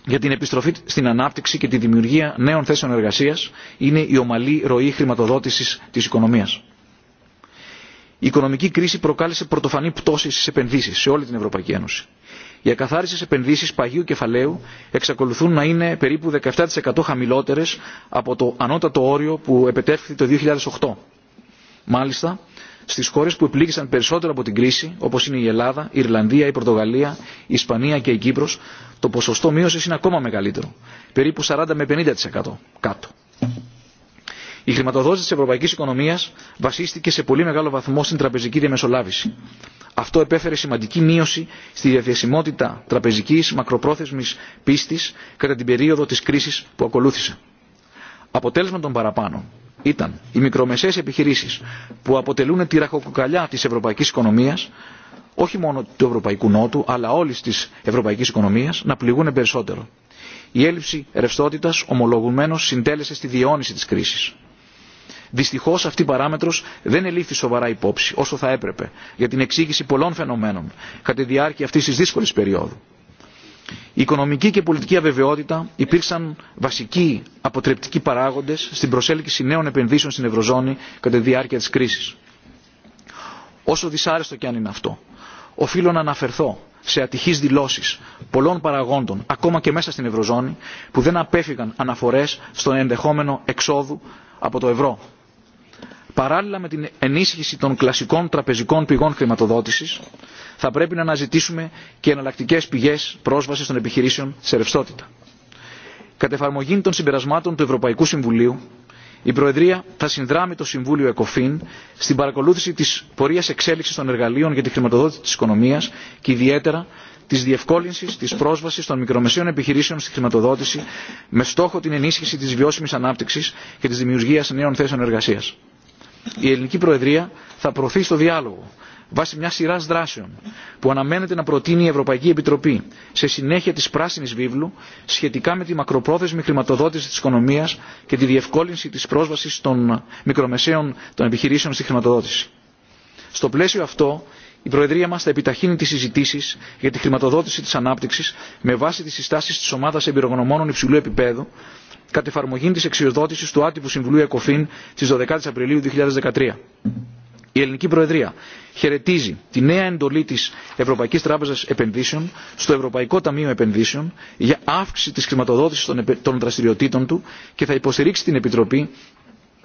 για την επιστροφή στην ανάπτυξη και τη δημιουργία νέων θέσεων εργασίας είναι η ομαλή ροή χρηματοδότησης της οικονομίας. Η οικονομική κρίση προκάλεσε πρωτοφανή πτώση στις επενδύσεις σε όλη την Ευρωπαϊκή Ένωση. Οι ακαθάριστες επενδύσεις παγίου κεφαλαίου εξακολουθούν να είναι περίπου 17% χαμηλότερες από το ανώτατο όριο που επετεύχθη το 2008 Μάλιστα, στι χώρε που επλήγησαν περισσότερο από την κρίση, όπω είναι η Ελλάδα, η Ιρλανδία, η Πορτογαλία, η Ισπανία και η Κύπρο, το ποσοστό μείωση είναι ακόμα μεγαλύτερο, περίπου 40 με 50% κάτω. Η χρηματοδότηση τη ευρωπαϊκή οικονομία βασίστηκε σε πολύ μεγάλο βαθμό στην τραπεζική διαμεσολάβηση. Αυτό επέφερε σημαντική μείωση στη διαθεσιμότητα τραπεζική μακροπρόθεσμη πίστη κατά την περίοδο τη κρίση που ακολούθησε. Αποτέλεσμα των παραπάνω, ήταν οι μικρομεσαίες επιχειρήσεις που αποτελούν τη ραχοκοκαλιά της ευρωπαϊκής οικονομίας όχι μόνο του ευρωπαϊκού νότου αλλά όλης της ευρωπαϊκής οικονομίας να πληγούν περισσότερο. Η έλλειψη ρευστότητας ομολογουμένως συντέλεσε στη διαιώνιση της κρίσης. Δυστυχώς αυτή η παράμετρος δεν ελήφθη σοβαρά υπόψη όσο θα έπρεπε για την εξήγηση πολλών φαινομένων κατά τη διάρκεια αυτής της δύσκολης περίοδου. Η οικονομική και πολιτική αβεβαιότητα υπήρξαν βασικοί αποτρεπτικοί παράγοντες στην προσέλκυση νέων επενδύσεων στην Ευρωζώνη κατά τη διάρκεια της κρίσης. Όσο δυσάρεστο και αν είναι αυτό, οφείλω να αναφερθώ σε ατυχείς δηλώσεις πολλών παραγόντων, ακόμα και μέσα στην Ευρωζώνη, που δεν απέφυγαν αναφορές στον ενδεχόμενο εξόδου από το ευρώ. Παράλληλα με την ενίσχυση των κλασικών τραπεζικών πηγών χρηματοδότηση, θα πρέπει να αναζητήσουμε και εναλλακτικέ πηγέ πρόσβαση των επιχειρήσεων σε ρευστότητα. Κατ' εφαρμογή των συμπερασμάτων του Ευρωπαϊκού Συμβουλίου, η Προεδρία θα συνδράμει το Συμβούλιο ΕΚΟΦΗΝ στην παρακολούθηση τη πορεία εξέλιξη των εργαλείων για τη χρηματοδότηση τη οικονομία και ιδιαίτερα τη διευκόλυνση τη πρόσβαση των μικρομεσαίων επιχειρήσεων στη χρηματοδότηση με στόχο την ενίσχυση τη βιώσιμη ανάπτυξη και τη δημιουργία νέων θέσεων εργασία η ελληνική προεδρία θα προωθεί στο διάλογο βάσει μια σειρά δράσεων που αναμένεται να προτείνει η Ευρωπαϊκή Επιτροπή σε συνέχεια τη Πράσινη Βίβλου σχετικά με τη μακροπρόθεσμη χρηματοδότηση τη οικονομία και τη διευκόλυνση τη πρόσβαση των μικρομεσαίων των επιχειρήσεων στη χρηματοδότηση. Στο πλαίσιο αυτό, η Προεδρία μα θα επιταχύνει τι συζητήσει για τη χρηματοδότηση τη ανάπτυξη με βάση τι συστάσει τη ομάδα εμπειρογνωμόνων υψηλού επίπεδου κατ' εφαρμογή της εξιοδότησης του άτυπου Συμβουλίου ΕΚΟΦΗΝ στι 12 Απριλίου 2013. Η Ελληνική Προεδρία χαιρετίζει τη νέα εντολή τη Ευρωπαϊκή Τράπεζα Επενδύσεων στο Ευρωπαϊκό Ταμείο Επενδύσεων για αύξηση της χρηματοδότησης των δραστηριοτήτων του και θα υποστηρίξει την Επιτροπή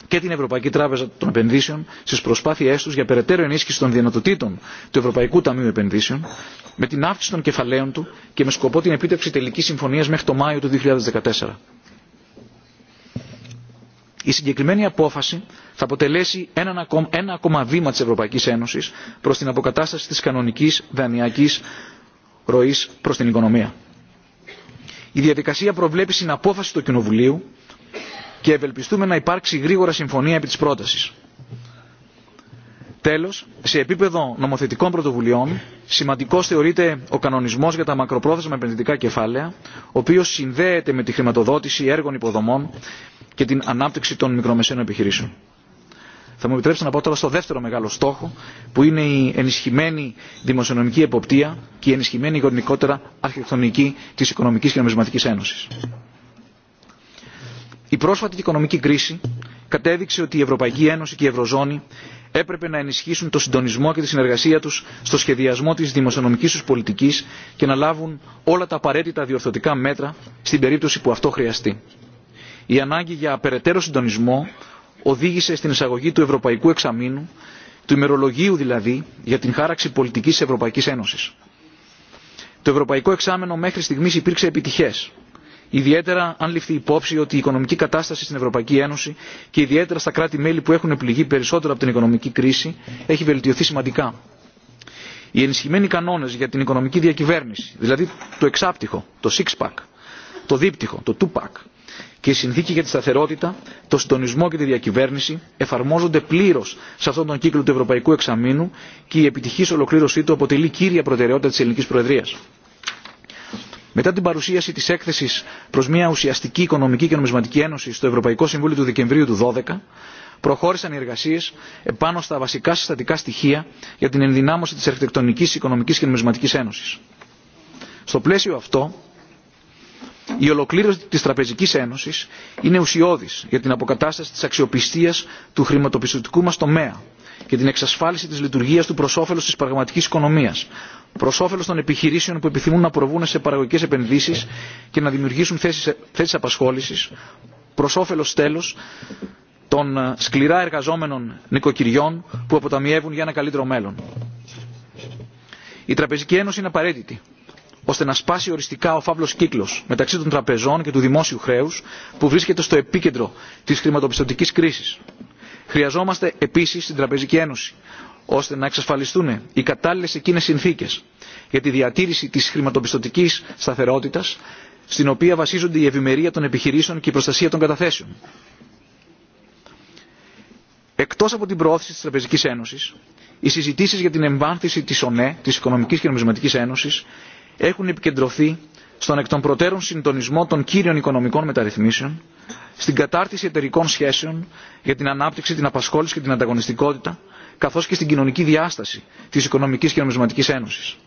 και την Ευρωπαϊκή Τράπεζα των Επενδύσεων στι προσπάθειέ του για περαιτέρω ενίσχυση των δυνατοτήτων του Ευρωπαϊκού Ταμείου Επενδύσεων, με την αύξηση των κεφαλαίων του και με σκοπό την επίτευξη τελική συμφωνία μέχρι το Μάιο του 2014 η συγκεκριμένη απόφαση θα αποτελέσει ένα ακόμα βήμα της Ευρωπαϊκής Ένωσης προς την αποκατάσταση της κανονικής δανειακής ροής προς την οικονομία. Η διαδικασία προβλέπει συναπόφαση του Κοινοβουλίου και ευελπιστούμε να υπάρξει γρήγορα συμφωνία επί της πρότασης. Τέλος, σε επίπεδο νομοθετικών πρωτοβουλειών, σημαντικός θεωρείται ο κανονισμός για τα μακροπρόθεσμα επενδυτικά κεφάλαια, ο οποίος συνδέεται με τη χρηματοδότηση έργων υποδομών και την ανάπτυξη των μικρομεσαίων επιχειρήσεων. Θα μου επιτρέψετε να πάω τώρα στο δεύτερο μεγάλο στόχο, που είναι η ενισχυμένη δημοσιονομική εποπτεία και η ενισχυμένη γονικότερα αρχιτεκτονική της Οικονομικής και Νομισματικής Ένωσης. Η πρόσφατη οικονομική κρίση κατέδειξε ότι η Ευρωπαϊκή Ένωση και η Ευρωζώνη έπρεπε να ενισχύσουν το συντονισμό και τη συνεργασία τους στο σχεδιασμό της δημοσιονομικής τους πολιτικής και να λάβουν όλα τα απαραίτητα διορθωτικά μέτρα στην περίπτωση που αυτό χρειαστεί. Η ανάγκη για περαιτέρω συντονισμό οδήγησε στην εισαγωγή του Ευρωπαϊκού Εξαμήνου, του ημερολογίου δηλαδή, για την χάραξη πολιτικής της Ευρωπαϊκής Ένωσης. Το Ευρωπαϊκό Εξάμενο μέχρι στιγμής υπήρξε επιτυχές ιδιαίτερα αν ληφθεί υπόψη ότι η οικονομική κατάσταση στην Ευρωπαϊκή Ένωση και ιδιαίτερα στα κράτη-μέλη που έχουν πληγεί περισσότερο από την οικονομική κρίση έχει βελτιωθεί σημαντικά. Οι ενισχυμένοι κανόνε για την οικονομική διακυβέρνηση, δηλαδή το εξάπτυχο, το six-pack, το δίπτυχο, το two-pack και η συνθήκη για τη σταθερότητα, το συντονισμό και τη διακυβέρνηση εφαρμόζονται πλήρω σε αυτόν τον κύκλο του Ευρωπαϊκού Εξαμήνου και η επιτυχή ολοκλήρωσή του αποτελεί κύρια προτεραιότητα τη Ελληνική Προεδρία. Μετά την παρουσίαση τη έκθεση προ μια ουσιαστική οικονομική και νομισματική ένωση στο Ευρωπαϊκό Συμβούλιο του Δεκεμβρίου του 2012, προχώρησαν οι εργασίε επάνω στα βασικά συστατικά στοιχεία για την ενδυνάμωση τη αρχιτεκτονική οικονομική και Νομισματικής ένωση. Στο πλαίσιο αυτό, η ολοκλήρωση της Τραπεζικής Ένωσης είναι ουσιώδης για την αποκατάσταση της αξιοπιστίας του χρηματοπιστωτικού μας τομέα και την εξασφάλιση της λειτουργίας του προ όφελο της πραγματικής οικονομίας, προ όφελο των επιχειρήσεων που επιθυμούν να προβούν σε παραγωγικέ επενδύσει και να δημιουργήσουν θέσει απασχόληση, προ όφελο τέλο των ε, σκληρά εργαζόμενων νοικοκυριών που αποταμιεύουν για ένα καλύτερο μέλλον. Η Τραπεζική Ένωση είναι απαραίτητη ώστε να σπάσει οριστικά ο φαύλο κύκλο μεταξύ των τραπεζών και του δημόσιου χρέου που βρίσκεται στο επίκεντρο τη χρηματοπιστωτική κρίση. Χρειαζόμαστε επίση την Τραπεζική Ένωση ώστε να εξασφαλιστούν οι κατάλληλες εκείνες συνθήκες για τη διατήρηση της χρηματοπιστωτικής σταθερότητας στην οποία βασίζονται η ευημερία των επιχειρήσεων και η προστασία των καταθέσεων. Εκτός από την προώθηση της Τραπεζικής Ένωσης, οι συζητήσεις για την εμβάνθηση της ΟΝΕ, της Οικονομικής και Νομισματικής Ένωσης, έχουν επικεντρωθεί στον εκ των προτέρων συντονισμό των κύριων οικονομικών μεταρρυθμίσεων, στην κατάρτιση εταιρικών σχέσεων για την ανάπτυξη, την απασχόληση και την ανταγωνιστικότητα, καθώς και στην κοινωνική διάσταση της Οικονομικής και Νομισματικής Ένωσης.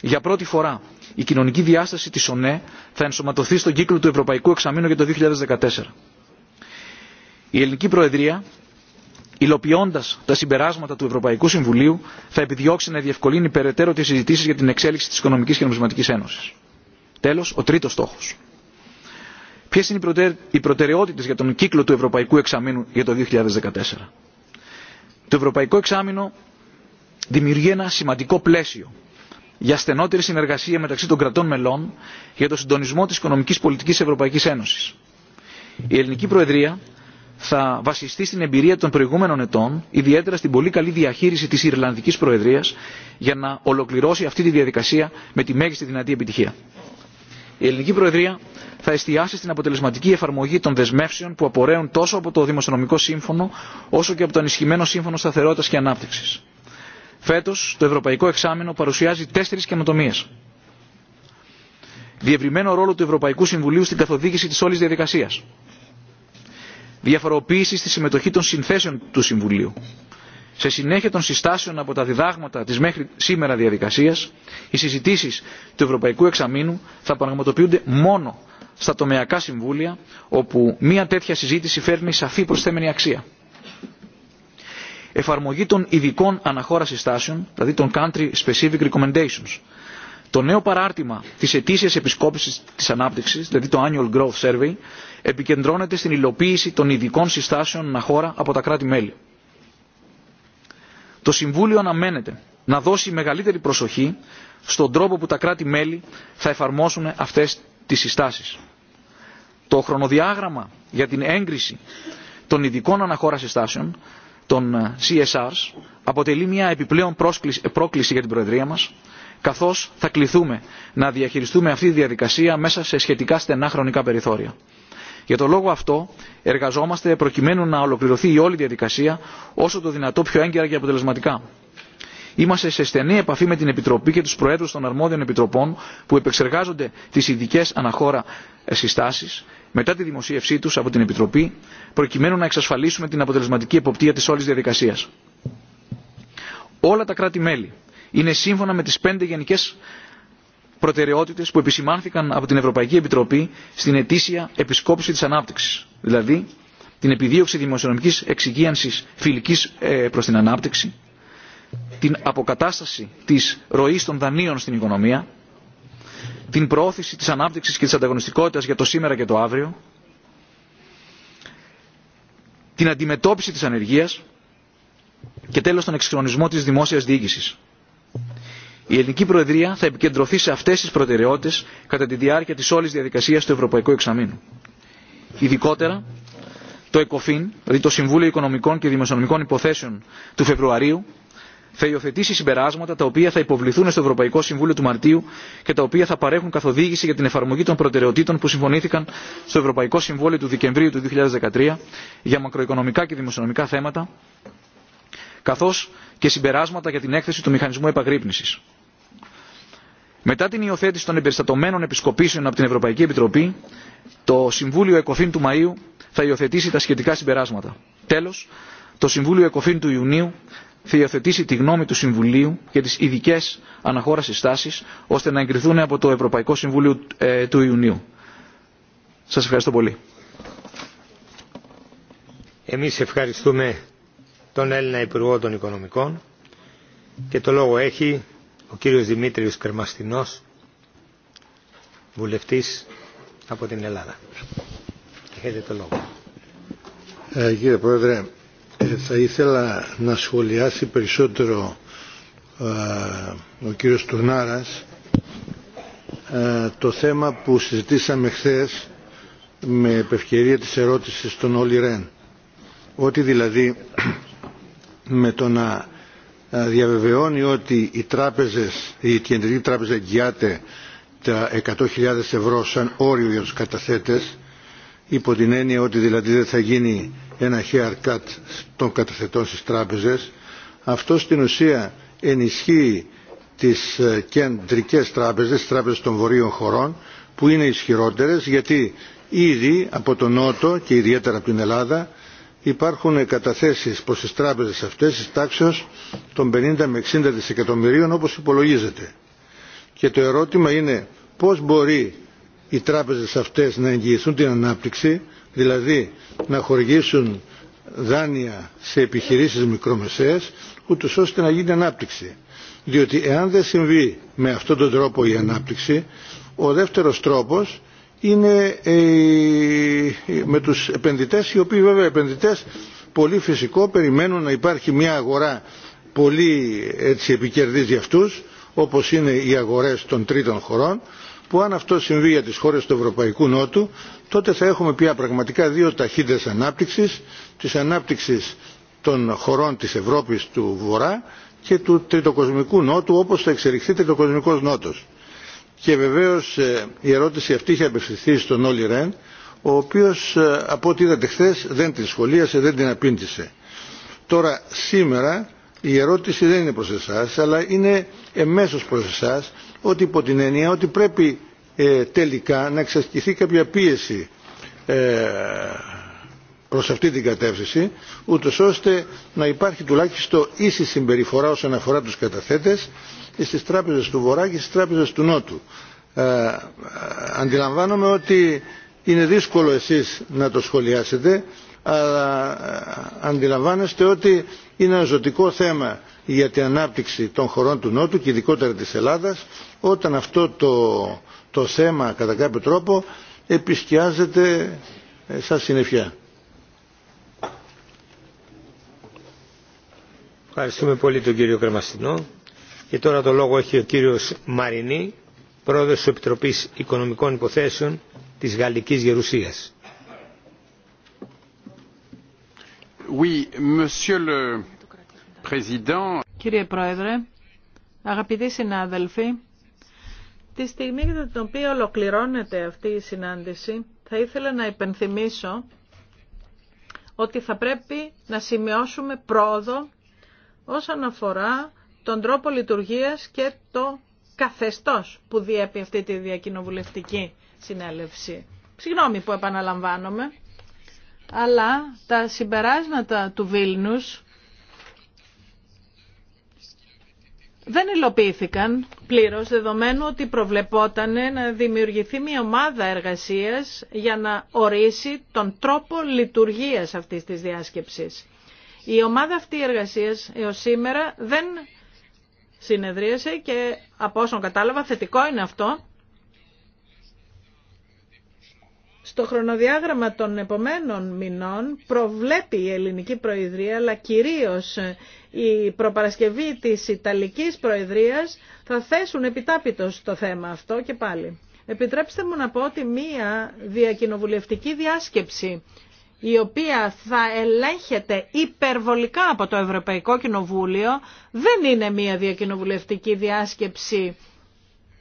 Για πρώτη φορά, η κοινωνική διάσταση της ΟΝΕ θα ενσωματωθεί στον κύκλο του Ευρωπαϊκού Εξαμήνου για το 2014. Η Ελληνική Προεδρία, υλοποιώντα τα συμπεράσματα του Ευρωπαϊκού Συμβουλίου, θα επιδιώξει να διευκολύνει περαιτέρω τι συζητήσει για την εξέλιξη τη Οικονομικής και Ένωση. Τέλο, ο τρίτο στόχο. Ποιε είναι οι προτεραιότητε για τον κύκλο του Ευρωπαϊκού Εξαμήνου για το 2014. Το Ευρωπαϊκό Εξάμεινο δημιουργεί ένα σημαντικό πλαίσιο για στενότερη συνεργασία μεταξύ των κρατών μελών για το συντονισμό της οικονομικής πολιτικής Ευρωπαϊκής Ένωσης. Η ελληνική Προεδρία θα βασιστεί στην εμπειρία των προηγούμενων ετών, ιδιαίτερα στην πολύ καλή διαχείριση της Ιρλανδικής Προεδρίας, για να ολοκληρώσει αυτή τη διαδικασία με τη μέγιστη δυνατή επιτυχία η ελληνική προεδρία θα εστιάσει στην αποτελεσματική εφαρμογή των δεσμεύσεων που απορρέουν τόσο από το δημοσιονομικό σύμφωνο όσο και από το ενισχυμένο σύμφωνο σταθερότητα και ανάπτυξη. Φέτο, το Ευρωπαϊκό Εξάμενο παρουσιάζει τέσσερι καινοτομίε. Διευρυμένο ρόλο του Ευρωπαϊκού Συμβουλίου στην καθοδήγηση τη όλη διαδικασία. Διαφοροποίηση στη συμμετοχή των συνθέσεων του Συμβουλίου σε συνέχεια των συστάσεων από τα διδάγματα της μέχρι σήμερα διαδικασίας, οι συζητήσεις του Ευρωπαϊκού Εξαμήνου θα πραγματοποιούνται μόνο στα τομεακά συμβούλια, όπου μια τέτοια συζήτηση φέρνει σαφή προσθέμενη αξία. Εφαρμογή των ειδικών αναχώρα συστάσεων, δηλαδή των Country Specific Recommendations. Το νέο παράρτημα της ετήσιας επισκόπησης της ανάπτυξης, δηλαδή το Annual Growth Survey, επικεντρώνεται στην υλοποίηση των ειδικών συστάσεων αναχώρα από τα κράτη-μέλη το Συμβούλιο αναμένεται να δώσει μεγαλύτερη προσοχή στον τρόπο που τα κράτη-μέλη θα εφαρμόσουν αυτές τις συστάσεις. Το χρονοδιάγραμμα για την έγκριση των ειδικών αναχώρας συστάσεων, των CSRs, αποτελεί μια επιπλέον πρόκληση για την Προεδρία μας, καθώς θα κληθούμε να διαχειριστούμε αυτή τη διαδικασία μέσα σε σχετικά στενά χρονικά περιθώρια. Για τον λόγο αυτό εργαζόμαστε προκειμένου να ολοκληρωθεί η όλη διαδικασία όσο το δυνατό πιο έγκαιρα και αποτελεσματικά. Είμαστε σε στενή επαφή με την Επιτροπή και τους Προέδρους των Αρμόδιων Επιτροπών που επεξεργάζονται τις ειδικέ αναχώρα ε, συστάσεις μετά τη δημοσίευσή τους από την Επιτροπή προκειμένου να εξασφαλίσουμε την αποτελεσματική εποπτεία της όλης διαδικασίας. Όλα τα κράτη-μέλη είναι σύμφωνα με τις πέντε γενικές προτεραιότητες που επισημάνθηκαν από την Ευρωπαϊκή Επιτροπή στην ετήσια επισκόπηση της ανάπτυξης, δηλαδή την επιδίωξη δημοσιονομικής εξυγίανσης φιλικής ε, προς την ανάπτυξη, την αποκατάσταση της ροή των δανείων στην οικονομία, την προώθηση της ανάπτυξης και της ανταγωνιστικότητας για το σήμερα και το αύριο, την αντιμετώπιση τη ανεργία και τέλο, τον εξυγχρονισμό τη δημόσια διοίκησης. Η Ελληνική Προεδρία θα επικεντρωθεί σε αυτέ τι προτεραιότητε κατά τη διάρκεια τη όλη διαδικασία του Ευρωπαϊκού Εξαμήνου. Ειδικότερα, το ΕΚΟΦΗΝ, δηλαδή το Συμβούλιο Οικονομικών και Δημοσιονομικών Υποθέσεων του Φεβρουαρίου, θα υιοθετήσει συμπεράσματα τα οποία θα υποβληθούν στο Ευρωπαϊκό Συμβούλιο του Μαρτίου και τα οποία θα παρέχουν καθοδήγηση για την εφαρμογή των προτεραιοτήτων που συμφωνήθηκαν στο Ευρωπαϊκό Συμβούλιο του Δεκεμβρίου του 2013 για μακροοικονομικά και δημοσιονομικά θέματα, καθώ και συμπεράσματα για την έκθεση του Μηχανισμού Επαγρύπνηση. Μετά την υιοθέτηση των εμπεριστατωμένων επισκοπήσεων από την Ευρωπαϊκή Επιτροπή, το Συμβούλιο ΕΚΟΦΗΝ του Μαΐου θα υιοθετήσει τα σχετικά συμπεράσματα. Τέλος, το Συμβούλιο ΕΚΟΦΗΝ του Ιουνίου θα υιοθετήσει τη γνώμη του Συμβουλίου για τις ειδικέ αναχώρασης στάσεις, ώστε να εγκριθούν από το Ευρωπαϊκό Συμβούλιο ε, του Ιουνίου. Σας ευχαριστώ πολύ. Εμείς ευχαριστούμε τον Έλληνα Υπουργό των Οικονομικών και το λόγο έχει ο κύριος Δημήτριος Κερμαστινός, βουλευτής από την Ελλάδα. Έχετε το λόγο. Ε, κύριε Πρόεδρε, θα ήθελα να σχολιάσει περισσότερο ε, ο κύριος Τουρνάρας ε, το θέμα που συζητήσαμε χθες με επευκαιρία της ερώτησης των όλοι Ρεν. Ότι δηλαδή με το να ε, διαβεβαιώνει ότι οι τράπεζες, η Κεντρική Τράπεζα εγγυάται τα 100.000 ευρώ σαν όριο για τους καταθέτες υπό την έννοια ότι δηλαδή δεν θα γίνει ένα haircut των καταθετών στις τράπεζες αυτό στην ουσία ενισχύει τις ε, κεντρικές τράπεζες, τις τράπεζες των βορείων χωρών που είναι ισχυρότερες γιατί ήδη από τον Νότο και ιδιαίτερα από την Ελλάδα υπάρχουν καταθέσεις προς τις τράπεζες αυτές της τάξεως των 50 με 60 δισεκατομμυρίων όπως υπολογίζεται. Και το ερώτημα είναι πώς μπορεί οι τράπεζες αυτές να εγγυηθούν την ανάπτυξη, δηλαδή να χορηγήσουν δάνεια σε επιχειρήσεις μικρομεσαίες, ούτως ώστε να γίνει ανάπτυξη. Διότι εάν δεν συμβεί με αυτόν τον τρόπο η ανάπτυξη, ο δεύτερος τρόπος είναι ε, με τους επενδυτές οι οποίοι βέβαια επενδυτές πολύ φυσικό περιμένουν να υπάρχει μια αγορά πολύ έτσι επικερδής για αυτούς όπως είναι οι αγορές των τρίτων χωρών που αν αυτό συμβεί για τις χώρες του Ευρωπαϊκού Νότου τότε θα έχουμε πια πραγματικά δύο ταχύτητες ανάπτυξης της ανάπτυξης των χωρών της Ευρώπης του Βορρά και του τριτοκοσμικού Νότου όπως θα εξελιχθεί τριτοκοσμικός Νότος και βεβαίως ε, η ερώτηση αυτή είχε απευθυνθεί στον Όλι Ρεν ο οποίος ε, από ό,τι είδατε χθε δεν την σχολίασε, δεν την απήντησε. Τώρα σήμερα η ερώτηση δεν είναι προς εσάς αλλά είναι εμέσως προς εσάς ότι υπό την έννοια ότι πρέπει ε, τελικά να εξασκηθεί κάποια πίεση ε, προς αυτή την κατεύθυνση ούτως ώστε να υπάρχει τουλάχιστον ίση συμπεριφορά όσον αφορά τους καταθέτες και στις τράπεζες του Βορρά και στις τράπεζες του Νότου. Ε, ε, αντιλαμβάνομαι ότι είναι δύσκολο εσείς να το σχολιάσετε αλλά ε, αντιλαμβάνεστε ότι είναι ένα ζωτικό θέμα για την ανάπτυξη των χωρών του Νότου και ειδικότερα της Ελλάδας όταν αυτό το, το θέμα κατά κάποιο τρόπο επισκιάζεται σαν συνεφιά. Ευχαριστούμε πολύ τον κύριο Κρεμαστινό. Και τώρα το λόγο έχει ο κύριος Μαρινή, πρόεδρος της Επιτροπής Οικονομικών Υποθέσεων της Γαλλικής Γερουσίας. Oui, Κύριε Πρόεδρε, αγαπητοί συνάδελφοι, τη στιγμή για την οποία ολοκληρώνεται αυτή η συνάντηση, θα ήθελα να υπενθυμίσω ότι θα πρέπει να σημειώσουμε πρόοδο όσον αφορά τον τρόπο λειτουργίας και το καθεστώς που διέπει αυτή τη διακοινοβουλευτική συνέλευση. Συγγνώμη που επαναλαμβάνομαι, αλλά τα συμπεράσματα του Βίλνους δεν υλοποιήθηκαν πλήρως δεδομένου ότι προβλεπόταν να δημιουργηθεί μια ομάδα εργασίας για να ορίσει τον τρόπο λειτουργίας αυτής της διάσκεψης. Η ομάδα αυτή εργασίας έως σήμερα δεν συνεδρίασε και από όσον κατάλαβα θετικό είναι αυτό. Στο χρονοδιάγραμμα των επομένων μηνών προβλέπει η Ελληνική Προεδρία, αλλά κυρίως η προπαρασκευή της Ιταλικής Προεδρίας θα θέσουν επιτάπητος το θέμα αυτό και πάλι. Επιτρέψτε μου να πω ότι μία διακοινοβουλευτική διάσκεψη η οποία θα ελέγχεται υπερβολικά από το Ευρωπαϊκό Κοινοβούλιο δεν είναι μια διακοινοβουλευτική διάσκεψη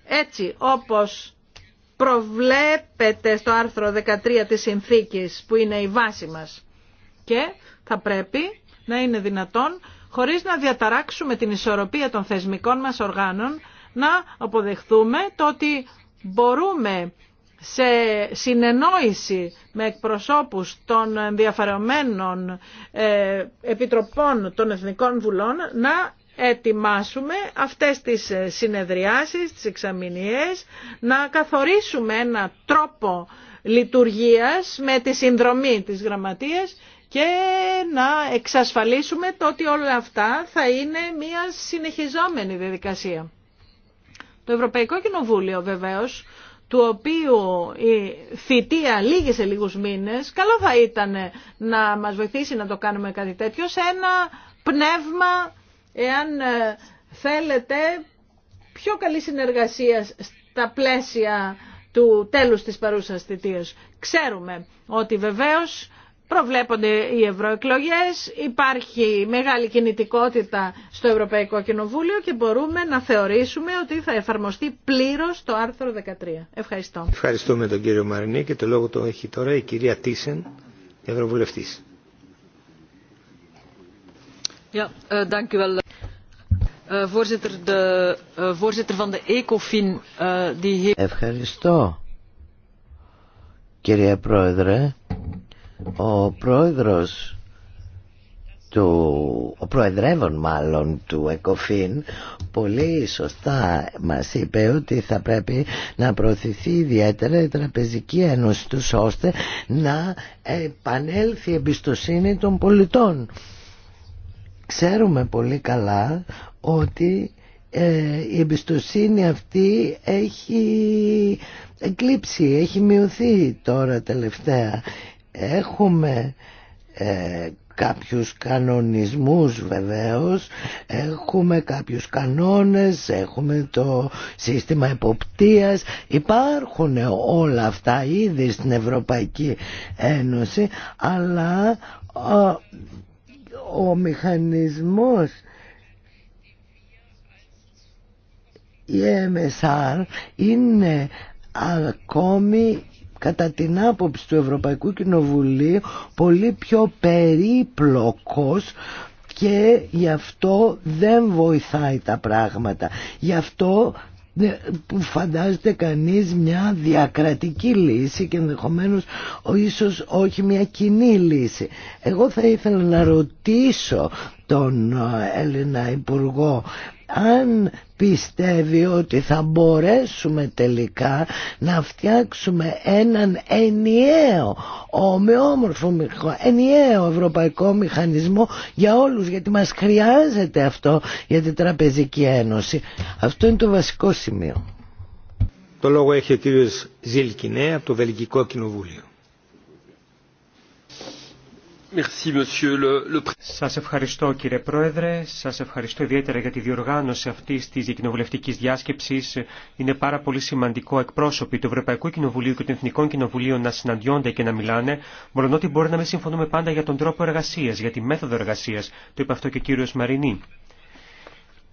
έτσι όπως προβλέπεται στο άρθρο 13 της συνθήκης που είναι η βάση μας και θα πρέπει να είναι δυνατόν χωρίς να διαταράξουμε την ισορροπία των θεσμικών μας οργάνων να αποδεχθούμε το ότι μπορούμε σε συνεννόηση με εκπροσώπους των ενδιαφερομένων ε, επιτροπών των Εθνικών Βουλών να ετοιμάσουμε αυτές τις συνεδριάσεις, τις εξαμηνίες, να καθορίσουμε ένα τρόπο λειτουργίας με τη συνδρομή της γραμματείας και να εξασφαλίσουμε το ότι όλα αυτά θα είναι μια συνεχιζόμενη διαδικασία. Το Ευρωπαϊκό Κοινοβούλιο βεβαίως του οποίου η θητεία λύγει σε λίγους μήνες, καλό θα ήταν να μας βοηθήσει να το κάνουμε κάτι τέτοιο σε ένα πνεύμα, εάν ε, θέλετε, πιο καλή συνεργασία στα πλαίσια του τέλους της παρούσας θητείας. Ξέρουμε ότι βεβαίως Προβλέπονται οι ευρωεκλογέ, υπάρχει μεγάλη κινητικότητα στο Ευρωπαϊκό Κοινοβούλιο και μπορούμε να θεωρήσουμε ότι θα εφαρμοστεί πλήρως το άρθρο 13. Ευχαριστώ. Ευχαριστούμε τον κύριο Μαρινή και το λόγο το έχει τώρα η κυρία Τίσεν, Ευρωβουλευτή. Eh, eh, eh, Ευχαριστώ κύριε Πρόεδρε. Ο πρόεδρος του, ο προεδρεύων μάλλον του ΕΚΟΦΗΝ πολύ σωστά μας είπε ότι θα πρέπει να προωθηθεί ιδιαίτερα η Τραπεζική Ένωση του ώστε να επανέλθει η εμπιστοσύνη των πολιτών. Ξέρουμε πολύ καλά ότι ε, η εμπιστοσύνη αυτή έχει εκλείψει, έχει μειωθεί τώρα τελευταία. Έχουμε ε, κάποιους κανονισμούς βεβαίως, έχουμε κάποιους κανόνες, έχουμε το σύστημα εποπτείας, υπάρχουν όλα αυτά ήδη στην Ευρωπαϊκή Ένωση, αλλά ο, ο μηχανισμός η MSR είναι ακόμη κατά την άποψη του Ευρωπαϊκού Κοινοβουλίου πολύ πιο περίπλοκος και γι' αυτό δεν βοηθάει τα πράγματα. Γι' αυτό ε, που φαντάζεται κανείς μια διακρατική λύση και ενδεχομένως ίσως όχι μια κοινή λύση. Εγώ θα ήθελα να ρωτήσω τον ε, Έλληνα Υπουργό αν πιστεύει ότι θα μπορέσουμε τελικά να φτιάξουμε έναν ενιαίο ομοιόμορφο ενιαίο ευρωπαϊκό μηχανισμό για όλους γιατί μας χρειάζεται αυτό για την Τραπεζική Ένωση αυτό είναι το βασικό σημείο Το λόγο έχει ο κύριος από το Βελγικό Κοινοβούλιο σας ευχαριστώ κύριε Πρόεδρε, σας ευχαριστώ ιδιαίτερα για τη διοργάνωση αυτής της κοινοβουλευτικής διάσκεψης. Είναι πάρα πολύ σημαντικό εκπρόσωποι του Ευρωπαϊκού Κοινοβουλίου και των Εθνικών Κοινοβουλίων να συναντιόνται και να μιλάνε, μόνο ότι μπορεί να μην συμφωνούμε πάντα για τον τρόπο εργασίας, για τη μέθοδο εργασίας. Το είπε αυτό και ο κύριος Μαρινή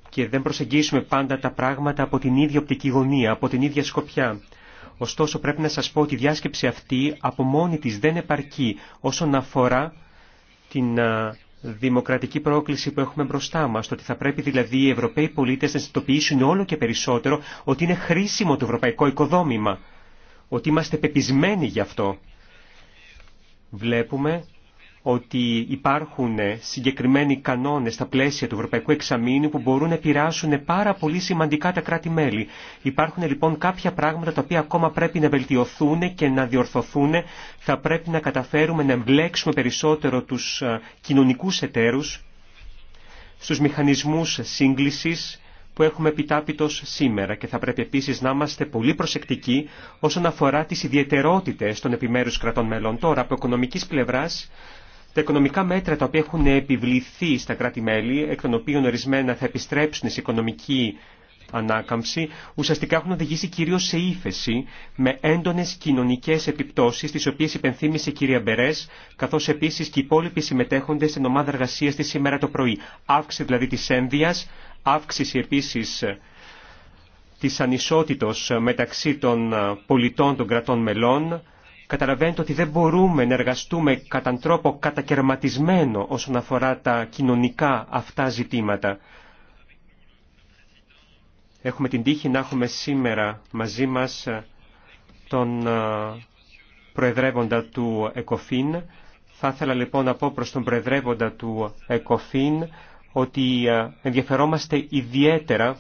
και δεν προσεγγίσουμε πάντα τα πράγματα από την ίδια οπτική γωνία, από την ίδια σκοπιά. Ωστόσο πρέπει να σας πω ότι η διάσκεψη αυτή από μόνη τη δεν επαρκεί όσον αφορά την δημοκρατική πρόκληση που έχουμε μπροστά μας, το ότι θα πρέπει δηλαδή οι Ευρωπαίοι πολίτες να συνειδητοποιήσουν όλο και περισσότερο ότι είναι χρήσιμο το ευρωπαϊκό οικοδόμημα, ότι είμαστε πεπισμένοι γι' αυτό. Βλέπουμε ότι υπάρχουν συγκεκριμένοι κανόνε στα πλαίσια του Ευρωπαϊκού Εξαμήνου που μπορούν να επηρεάσουν πάρα πολύ σημαντικά τα κράτη-μέλη. Υπάρχουν λοιπόν κάποια πράγματα τα οποία ακόμα πρέπει να βελτιωθούν και να διορθωθούν. Θα πρέπει να καταφέρουμε να εμπλέξουμε περισσότερο του ε, κοινωνικού εταίρους στου μηχανισμού σύγκληση που έχουμε επιτάπητος σήμερα και θα πρέπει επίσης να είμαστε πολύ προσεκτικοί όσον αφορά τις ιδιαίτερότητε των επιμέρους κρατών μελών. Τώρα από οικονομικής πλευράς τα οικονομικά μέτρα τα οποία έχουν επιβληθεί στα κράτη-μέλη, εκ των οποίων ορισμένα θα επιστρέψουν σε οικονομική ανάκαμψη, ουσιαστικά έχουν οδηγήσει κυρίως σε ύφεση, με έντονες κοινωνικές επιπτώσεις, τις οποίες υπενθύμησε η κυρία Μπερές, καθώς επίσης και οι υπόλοιποι συμμετέχονται στην ομάδα εργασίας της σήμερα το πρωί. Αύξηση δηλαδή της ένδυας, αύξηση επίσης της ανισότητος μεταξύ των πολιτών των κρατών μελών, Καταλαβαίνετε ότι δεν μπορούμε να εργαστούμε κατά τρόπο κατακαιρματισμένο όσον αφορά τα κοινωνικά αυτά ζητήματα. Έχουμε την τύχη να έχουμε σήμερα μαζί μας ε, τον ε, Προεδρεύοντα του ΕΚΟΦΗΝ. Θα ήθελα λοιπόν να πω προς τον Προεδρεύοντα του ΕΚΟΦΗΝ ότι ε, ενδιαφερόμαστε ιδιαίτερα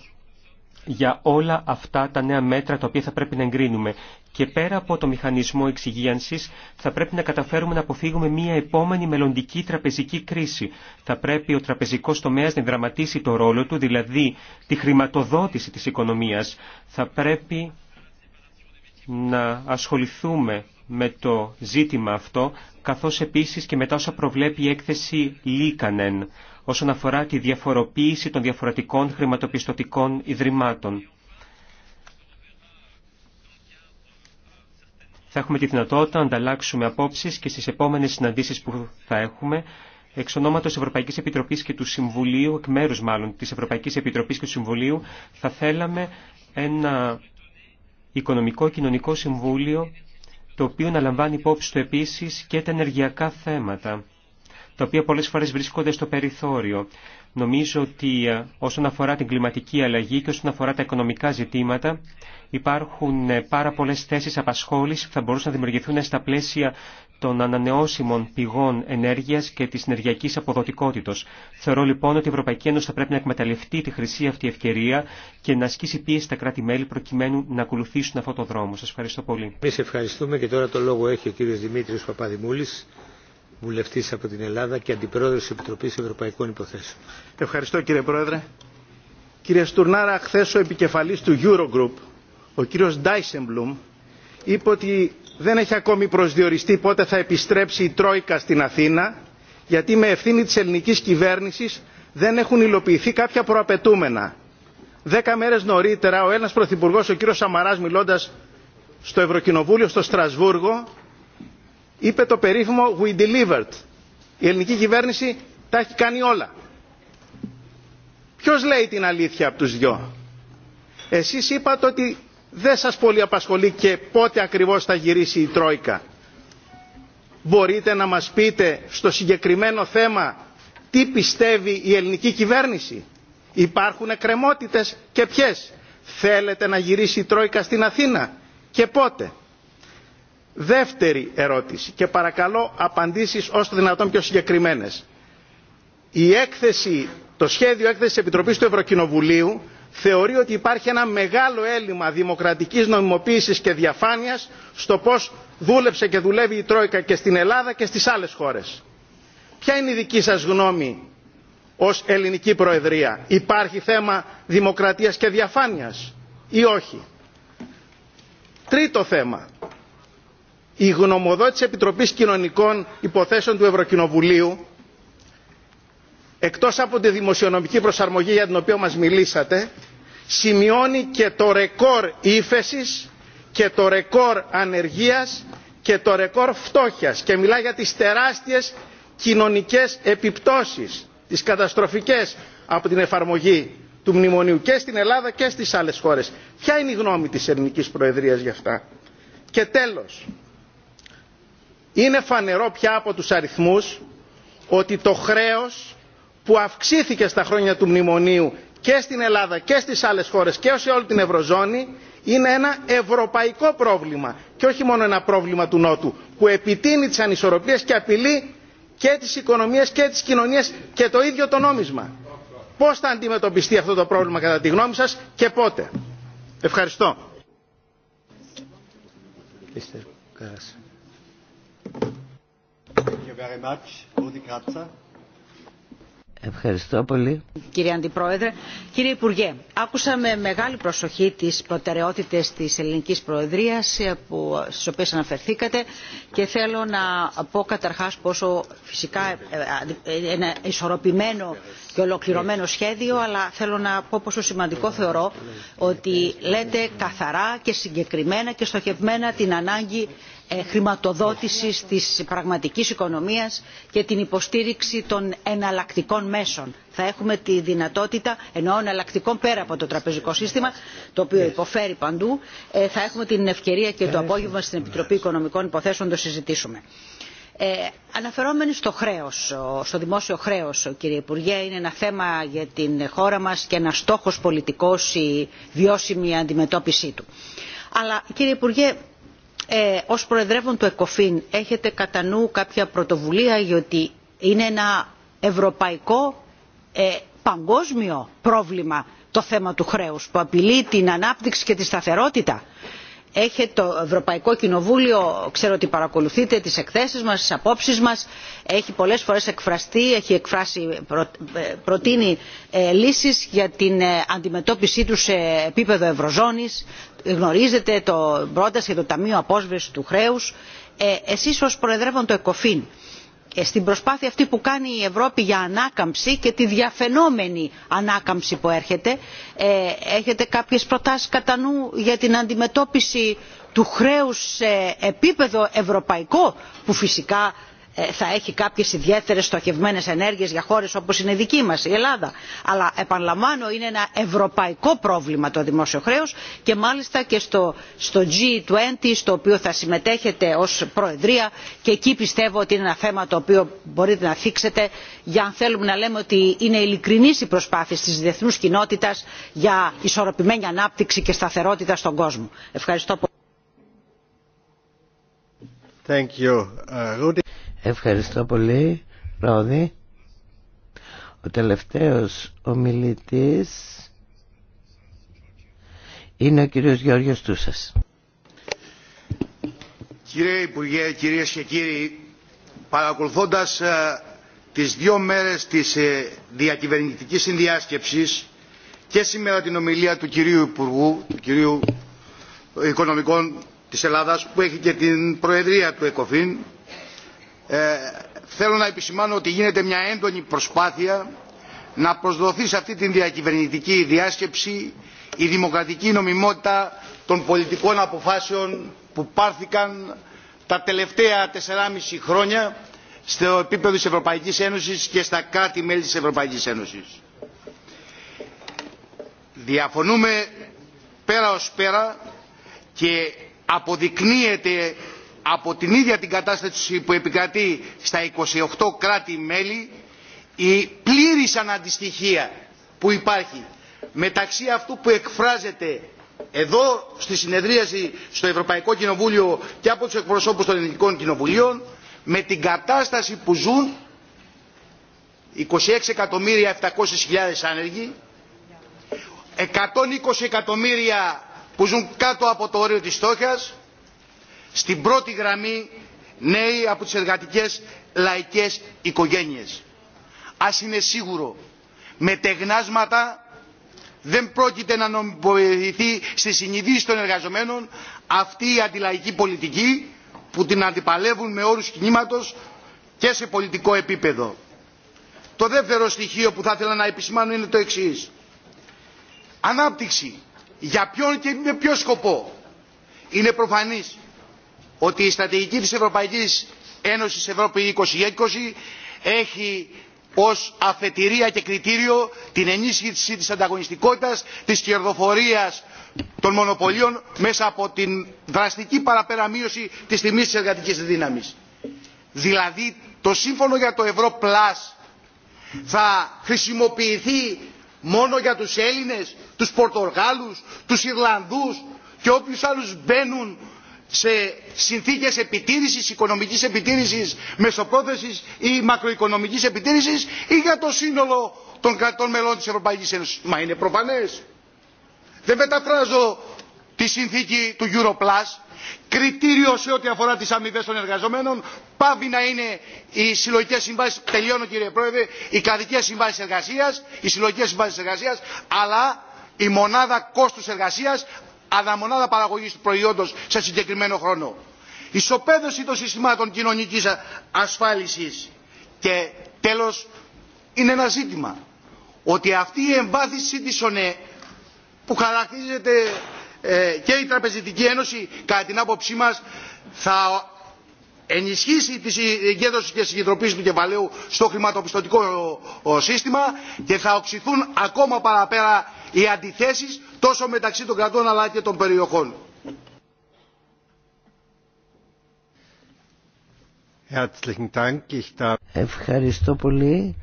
για όλα αυτά τα νέα μέτρα τα οποία θα πρέπει να εγκρίνουμε. Και πέρα από το μηχανισμό εξυγίανση, θα πρέπει να καταφέρουμε να αποφύγουμε μια επόμενη μελλοντική τραπεζική κρίση. Θα πρέπει ο τραπεζικός τομέας να δραματίσει το ρόλο του, δηλαδή τη χρηματοδότηση της οικονομίας. Θα πρέπει να ασχοληθούμε με το ζήτημα αυτό, καθώς επίσης και μετά όσα προβλέπει η έκθεση Λίκανεν όσον αφορά τη διαφοροποίηση των διαφορετικών χρηματοπιστωτικών ιδρυμάτων. Θα έχουμε τη δυνατότητα να ανταλλάξουμε απόψεις και στις επόμενες συναντήσεις που θα έχουμε εξ ονόματο Ευρωπαϊκή Επιτροπή και του Συμβουλίου, εκ μέρου μάλλον τη Ευρωπαϊκή Επιτροπή και του Συμβουλίου, θα θέλαμε ένα οικονομικό κοινωνικό συμβούλιο το οποίο να λαμβάνει υπόψη του επίση και τα ενεργειακά θέματα τα οποία πολλές φορές βρίσκονται στο περιθώριο. Νομίζω ότι ε, όσον αφορά την κλιματική αλλαγή και όσον αφορά τα οικονομικά ζητήματα υπάρχουν ε, πάρα πολλές θέσεις απασχόλησης που θα μπορούσαν να δημιουργηθούν στα πλαίσια των ανανεώσιμων πηγών ενέργειας και της ενεργειακής αποδοτικότητος. Θεωρώ λοιπόν ότι η Ευρωπαϊκή Ένωση θα πρέπει να εκμεταλλευτεί τη χρυσή αυτή ευκαιρία και να ασκήσει πίεση στα κράτη-μέλη προκειμένου να ακολουθήσουν αυτό το δρόμο. Σας ευχαριστώ πολύ. Εμείς ευχαριστούμε και τώρα το λόγο έχει ο κύριος Δημήτρης Παπαδημούλης βουλευτής από την Ελλάδα και αντιπρόεδρος της Επιτροπής Ευρωπαϊκών Υποθέσεων. Ευχαριστώ κύριε Πρόεδρε. Κύριε Στουρνάρα, χθε ο επικεφαλής του Eurogroup, ο κύριος Ντάισεμπλουμ, είπε ότι δεν έχει ακόμη προσδιοριστεί πότε θα επιστρέψει η Τρόικα στην Αθήνα, γιατί με ευθύνη της ελληνικής κυβέρνησης δεν έχουν υλοποιηθεί κάποια προαπαιτούμενα. Δέκα μέρες νωρίτερα ο Έλληνας Πρωθυπουργός, ο κύριος Σαμαράς, μιλώντας στο Ευρωκοινοβούλιο στο Στρασβούργο, είπε το περίφημο «We delivered». Η ελληνική κυβέρνηση τα έχει κάνει όλα. Ποιος λέει την αλήθεια από τους δυο. Εσείς είπατε ότι δεν σας πολύ απασχολεί και πότε ακριβώς θα γυρίσει η Τρόικα. Μπορείτε να μας πείτε στο συγκεκριμένο θέμα τι πιστεύει η ελληνική κυβέρνηση. Υπάρχουν εκκρεμότητες και ποιες. Θέλετε να γυρίσει η Τρόικα στην Αθήνα και πότε. Δεύτερη ερώτηση και παρακαλώ απαντήσεις όσο δυνατόν πιο συγκεκριμένες. Η έκθεση, το σχέδιο έκθεσης Επιτροπής του Ευρωκοινοβουλίου θεωρεί ότι υπάρχει ένα μεγάλο έλλειμμα δημοκρατικής νομιμοποίησης και διαφάνειας στο πώς δούλεψε και δουλεύει η Τρόικα και στην Ελλάδα και στις άλλες χώρες. Ποια είναι η δική σας γνώμη ως ελληνική προεδρία. Υπάρχει θέμα δημοκρατίας και διαφάνειας ή όχι. Τρίτο θέμα η γνωμοδότηση Επιτροπής Κοινωνικών Υποθέσεων του Ευρωκοινοβουλίου εκτός από τη δημοσιονομική προσαρμογή για την οποία μας μιλήσατε σημειώνει και το ρεκόρ ύφεσης και το ρεκόρ ανεργίας και το ρεκόρ φτώχειας και μιλά για τις τεράστιες κοινωνικές επιπτώσεις τις καταστροφικές από την εφαρμογή του μνημονίου και στην Ελλάδα και στις άλλες χώρες. Ποια είναι η γνώμη της ελληνικής προεδρίας γι' αυτά. Και τέλος, είναι φανερό πια από τους αριθμούς ότι το χρέος που αυξήθηκε στα χρόνια του μνημονίου και στην Ελλάδα και στις άλλες χώρες και σε όλη την Ευρωζώνη είναι ένα ευρωπαϊκό πρόβλημα και όχι μόνο ένα πρόβλημα του Νότου που επιτείνει τις ανισορροπίες και απειλεί και τις οικονομίες και τις κοινωνίες και το ίδιο το νόμισμα. Πώς θα αντιμετωπιστεί αυτό το πρόβλημα κατά τη γνώμη σας και πότε. Ευχαριστώ. Ευχαριστώ πολύ. Κύριε Αντιπρόεδρε, κύριε Υπουργέ, άκουσα με μεγάλη προσοχή τις προτεραιότητες της ελληνικής προεδρίας στι ε, στις οποίες αναφερθήκατε και θέλω να πω καταρχάς πόσο φυσικά ένα ε, ε, ισορροπημένο και ολοκληρωμένο σχέδιο αλλά θέλω να πω πόσο σημαντικό θεωρώ ότι λέτε καθαρά και συγκεκριμένα και στοχευμένα την ανάγκη ε, χρηματοδότησης της πραγματικής οικονομίας και την υποστήριξη των εναλλακτικών μέσων. Θα έχουμε τη δυνατότητα, ενώ εναλλακτικών πέρα από το τραπεζικό σύστημα, το οποίο υποφέρει παντού, ε, θα έχουμε την ευκαιρία και το απόγευμα στην Επιτροπή Οικονομικών Υποθέσεων να το συζητήσουμε. Ε, αναφερόμενοι στο χρέος, στο δημόσιο χρέος, κύριε Υπουργέ, είναι ένα θέμα για την χώρα μας και ένα στόχος πολιτικός η βιώσιμη αντιμετώπιση του. Αλλά κύριε Υπουργέ, ε, ως Προεδρεύον του ΕΚΟΦΗΝ έχετε κατά νου κάποια πρωτοβουλία γιατί είναι ένα ευρωπαϊκό ε, παγκόσμιο πρόβλημα το θέμα του χρέους που απειλεί την ανάπτυξη και τη σταθερότητα. Έχει το Ευρωπαϊκό Κοινοβούλιο, ξέρω ότι παρακολουθείτε τις εκθέσεις μας, τις απόψεις μας, έχει πολλές φορές εκφραστεί, έχει εκφράσει, ε, προτείνει ε, λύσεις για την αντιμετώπιση του σε επίπεδο Ευρωζώνης, γνωρίζετε το πρόταση για το Ταμείο Απόσβεσης του Χρέους. Ε, εσείς ως Προεδρεύον το ΕΚΟΦΗΝ, ε, στην προσπάθεια αυτή που κάνει η Ευρώπη για ανάκαμψη και τη διαφαινόμενη ανάκαμψη που έρχεται, ε, έχετε κάποιες προτάσεις κατά νου για την αντιμετώπιση του χρέους σε επίπεδο ευρωπαϊκό που φυσικά ε, θα έχει κάποιες ιδιαίτερες στοχευμένες ενέργειες για χώρες όπως είναι η δική μας η Ελλάδα. Αλλά επαναλαμβάνω είναι ένα ευρωπαϊκό πρόβλημα το δημόσιο χρέος και μάλιστα και στο, G20 στο οποίο θα συμμετέχετε ως Προεδρία και εκεί πιστεύω ότι είναι ένα θέμα το οποίο μπορείτε να θίξετε για αν θέλουμε να λέμε ότι είναι ειλικρινής η προσπάθεια της διεθνούς κοινότητας για ισορροπημένη ανάπτυξη και σταθερότητα στον κόσμο. Ευχαριστώ πολύ. Uh, Ευχαριστώ πολύ, Ρόδη. Ο τελευταίος ομιλητής είναι ο κύριος Γιώργος Τούσας. Κύριε Υπουργέ, κυρίες και κύριοι, παρακολουθώντας ε, τις δύο μέρες της ε, διακυβερνητικής συνδιάσκεψης και σήμερα την ομιλία του κυρίου Υπουργού, του κυρίου Οικονομικών της Ελλάδας που έχει και την Προεδρία του ΕΚΟΦΗΝ ε, θέλω να επισημάνω ότι γίνεται μια έντονη προσπάθεια να προσδοθεί σε αυτή την διακυβερνητική διάσκεψη η δημοκρατική νομιμότητα των πολιτικών αποφάσεων που πάρθηκαν τα τελευταία 4,5 χρόνια στο επίπεδο της Ευρωπαϊκής Ένωσης και στα κράτη-μέλη της Ευρωπαϊκής Ένωσης. Διαφωνούμε πέρα ως πέρα και αποδεικνύεται από την ίδια την κατάσταση που επικρατεί στα 28 κράτη-μέλη η πλήρης αναντιστοιχία που υπάρχει μεταξύ αυτού που εκφράζεται εδώ στη συνεδρίαση στο Ευρωπαϊκό Κοινοβούλιο και από τους εκπροσώπους των ελληνικών κοινοβουλίων με την κατάσταση που ζουν 26 εκατομμύρια 700.000 άνεργοι 120 εκατομμύρια που ζουν κάτω από το όριο της στόχας στην πρώτη γραμμή νέοι από τις εργατικές λαϊκές οικογένειες. Ας είναι σίγουρο, με τεγνάσματα δεν πρόκειται να νομιμοποιηθεί στη συνειδήση των εργαζομένων αυτή η αντιλαϊκή πολιτική που την αντιπαλεύουν με όρους κινήματος και σε πολιτικό επίπεδο. Το δεύτερο στοιχείο που θα ήθελα να επισημάνω είναι το εξής. Ανάπτυξη. Για ποιον και με ποιο σκοπό. Είναι προφανής ότι η στρατηγική της Ευρωπαϊκής Ένωσης Ευρώπη 2020 έχει ως αφετηρία και κριτήριο την ενίσχυση της ανταγωνιστικότητας, της κερδοφορίας των μονοπωλίων μέσα από την δραστική παραπεραμείωση της τιμής της εργατικής δύναμης. Δηλαδή το σύμφωνο για το ευρώ Plus θα χρησιμοποιηθεί μόνο για τους Έλληνες, τους Πορτογάλους, τους Ιρλανδούς και όποιους άλλους μπαίνουν σε συνθήκες επιτήρησης, οικονομικής επιτήρησης, μεσοπρόθεσης ή μακροοικονομικής επιτήρησης ή για το σύνολο των κρατών μελών της Ευρωπαϊκής Ένωσης. Μα είναι προφανές. Δεν μεταφράζω τη συνθήκη του Europlus. Κριτήριο σε ό,τι αφορά τις αμοιβέ των εργαζομένων πάβει να είναι οι συλλογικές συμβάσεις, τελειώνω κύριε Πρόεδρε, οι καδικές συμβάσεις εργασίας, οι συλλογικές συμβάσεις εργασίας, αλλά η μονάδα κόστους εργασίας αναμονάδα παραγωγής του προϊόντος σε συγκεκριμένο χρόνο. Ισοπαίδωση των συστημάτων κοινωνικής ασφάλισης. Και τέλος είναι ένα ζήτημα ότι αυτή η εμβάθυνση της ΩΝΕ που χαρακτηρίζεται ε, και η Τραπεζιτική Ένωση κατά την άποψή μας θα ενισχύσει τις συγκέντρωση και συγκεντροποίηση του κεφαλαίου στο χρηματοπιστωτικό σύστημα και θα οξυθούν ακόμα παραπέρα οι αντιθέσεις τόσο μεταξύ των κρατών αλλά και των περιοχών. Ευχαριστώ πολύ.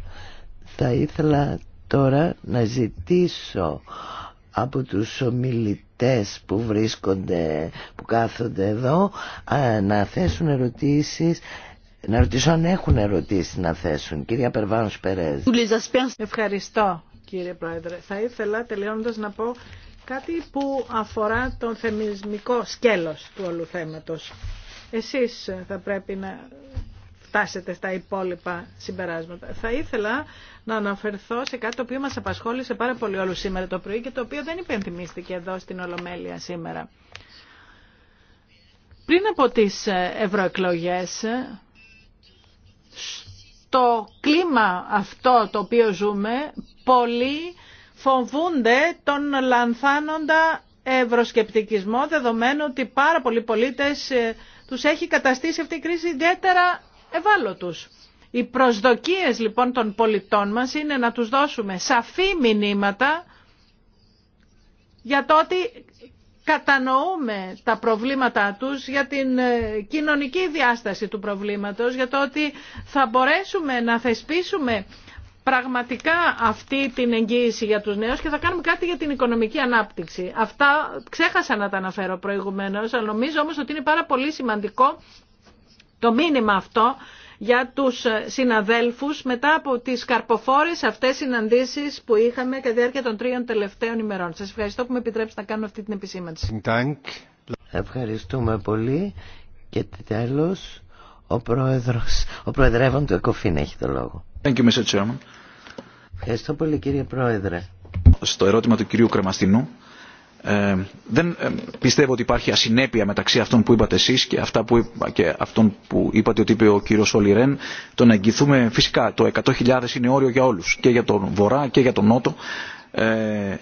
Θα ήθελα τώρα να ζητήσω από τους ομιλητές ακροατές που βρίσκονται, που κάθονται εδώ να θέσουν ερωτήσεις να ρωτήσω αν έχουν ερωτήσεις να θέσουν. Κυρία Περβάνος Περέζ. Ευχαριστώ κύριε Πρόεδρε. Θα ήθελα τελειώνοντας να πω κάτι που αφορά τον θεμισμικό σκέλος του όλου θέματος. Εσείς θα πρέπει να φτάσετε στα υπόλοιπα συμπεράσματα. Θα ήθελα να αναφερθώ σε κάτι το οποίο μας απασχόλησε πάρα πολύ όλους σήμερα το πρωί και το οποίο δεν υπενθυμίστηκε εδώ στην Ολομέλεια σήμερα. Πριν από τις ε, ευρωεκλογές, στο κλίμα αυτό το οποίο ζούμε, πολλοί φοβούνται τον λανθάνοντα ευρωσκεπτικισμό, δεδομένου ότι πάρα πολλοί πολίτες ε, τους έχει καταστήσει αυτή η κρίση ιδιαίτερα ευάλωτους. Οι προσδοκίες λοιπόν των πολιτών μας είναι να τους δώσουμε σαφή μηνύματα για το ότι κατανοούμε τα προβλήματά τους για την ε, κοινωνική διάσταση του προβλήματος, για το ότι θα μπορέσουμε να θεσπίσουμε πραγματικά αυτή την εγγύηση για τους νέους και θα κάνουμε κάτι για την οικονομική ανάπτυξη. Αυτά ξέχασα να τα αναφέρω προηγουμένως, αλλά νομίζω όμως ότι είναι πάρα πολύ σημαντικό το μήνυμα αυτό για τους συναδέλφους μετά από τις καρποφόρες αυτές συναντήσεις που είχαμε κατά τη διάρκεια των τρίων τελευταίων ημερών. Σας ευχαριστώ που με επιτρέψετε να κάνω αυτή την επισήμανση. Ευχαριστούμε πολύ και τέλος ο Πρόεδρος, ο Προεδρεύων του ΕΚΟΦΗΝ έχει το λόγο. Ευχαριστώ πολύ κύριε Πρόεδρε. Στο ερώτημα του κυρίου Κρεμαστινού, ε, δεν ε, πιστεύω ότι υπάρχει ασυνέπεια μεταξύ αυτών που είπατε εσείς και, που, αυτών που είπατε ότι είπε ο κύριος Ολιρέν το να εγγυηθούμε φυσικά το 100.000 είναι όριο για όλους και για τον Βορρά και για τον Νότο ε,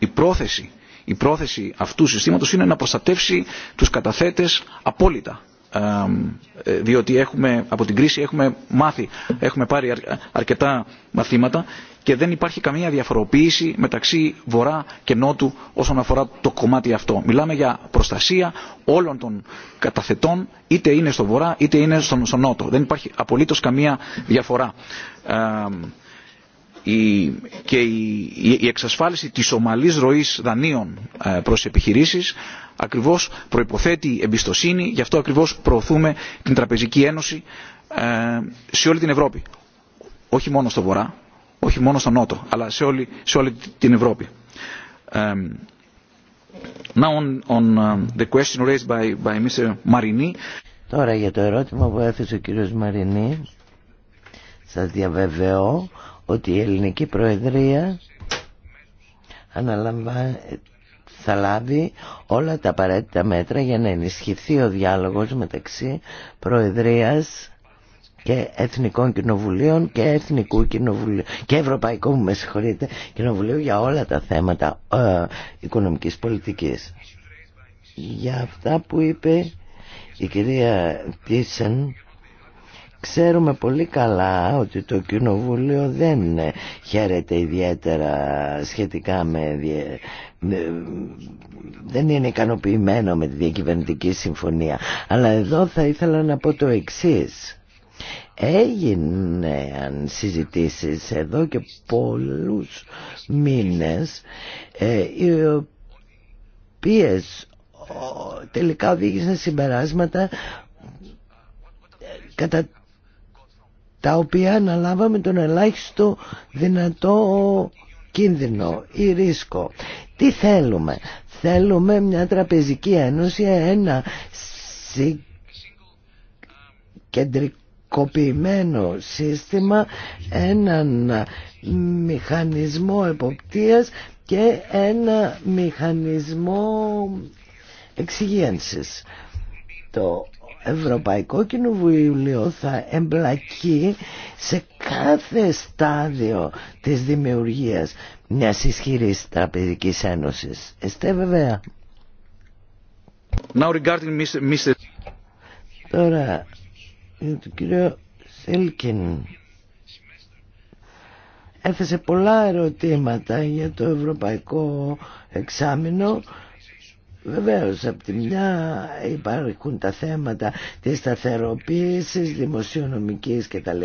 η, πρόθεση η πρόθεση αυτού του συστήματος είναι να προστατεύσει τους καταθέτες απόλυτα ε, διότι έχουμε, από την κρίση έχουμε μάθει, έχουμε πάρει αρκετά μαθήματα και δεν υπάρχει καμία διαφοροποίηση μεταξύ βορρά και νότου όσον αφορά το κομμάτι αυτό. Μιλάμε για προστασία όλων των καταθετών, είτε είναι στο βορρά είτε είναι στον νότο. Δεν υπάρχει απολύτως καμία διαφορά και η, εξασφάλιση της ομαλής ροής δανείων ε, προς επιχειρήσεις ακριβώς προϋποθέτει εμπιστοσύνη, γι' αυτό ακριβώς προωθούμε την Τραπεζική Ένωση ε, σε όλη την Ευρώπη. Όχι μόνο στο Βορρά, όχι μόνο στο Νότο, αλλά σε όλη, σε όλη την Ευρώπη. Ε, now on, the question raised by, Mr. Marini. Τώρα για το ερώτημα που έθεσε ο κύριος Μαρινή, σας διαβεβαιώ ότι η ελληνική προεδρία θα λάβει όλα τα απαραίτητα μέτρα για να ενισχυθεί ο διάλογος μεταξύ Προεδρίας και Εθνικών Κοινοβουλίων και Εθνικού Κοινοβουλίου και Ευρωπαϊκού με συγχωρείτε, Κοινοβουλίου για όλα τα θέματα ε, οικονομικής πολιτικής. Για αυτά που είπε η κυρία Τίσεν Ξέρουμε πολύ καλά ότι το Κοινοβούλιο δεν χαίρεται ιδιαίτερα σχετικά με... δεν είναι ικανοποιημένο με τη διακυβερνητική συμφωνία. Αλλά εδώ θα ήθελα να πω το εξής. αν συζητήσεις εδώ και πολλούς μήνες ε, οι οποίες τελικά οδήγησαν συμπεράσματα ε, κατά τα οποία αναλάβαμε τον ελάχιστο δυνατό κίνδυνο ή ρίσκο. Τι θέλουμε. Θέλουμε μια τραπεζική ένωση, ένα κεντρικοποιημένο σύστημα, έναν μηχανισμό εποπτείας και ένα μηχανισμό εξυγένσης. Ευρωπαϊκό Κοινοβούλιο θα εμπλακεί σε κάθε στάδιο της δημιουργίας μιας ισχυρής τραπεζικής ένωσης. Εστε βέβαια. Now regarding Mr. Τώρα, το κύριο Σίλκιν έθεσε πολλά ερωτήματα για το ευρωπαϊκό εξάμεινο Βεβαίως, από τη μια υπάρχουν τα θέματα της σταθεροποίησης, δημοσιονομικής κτλ,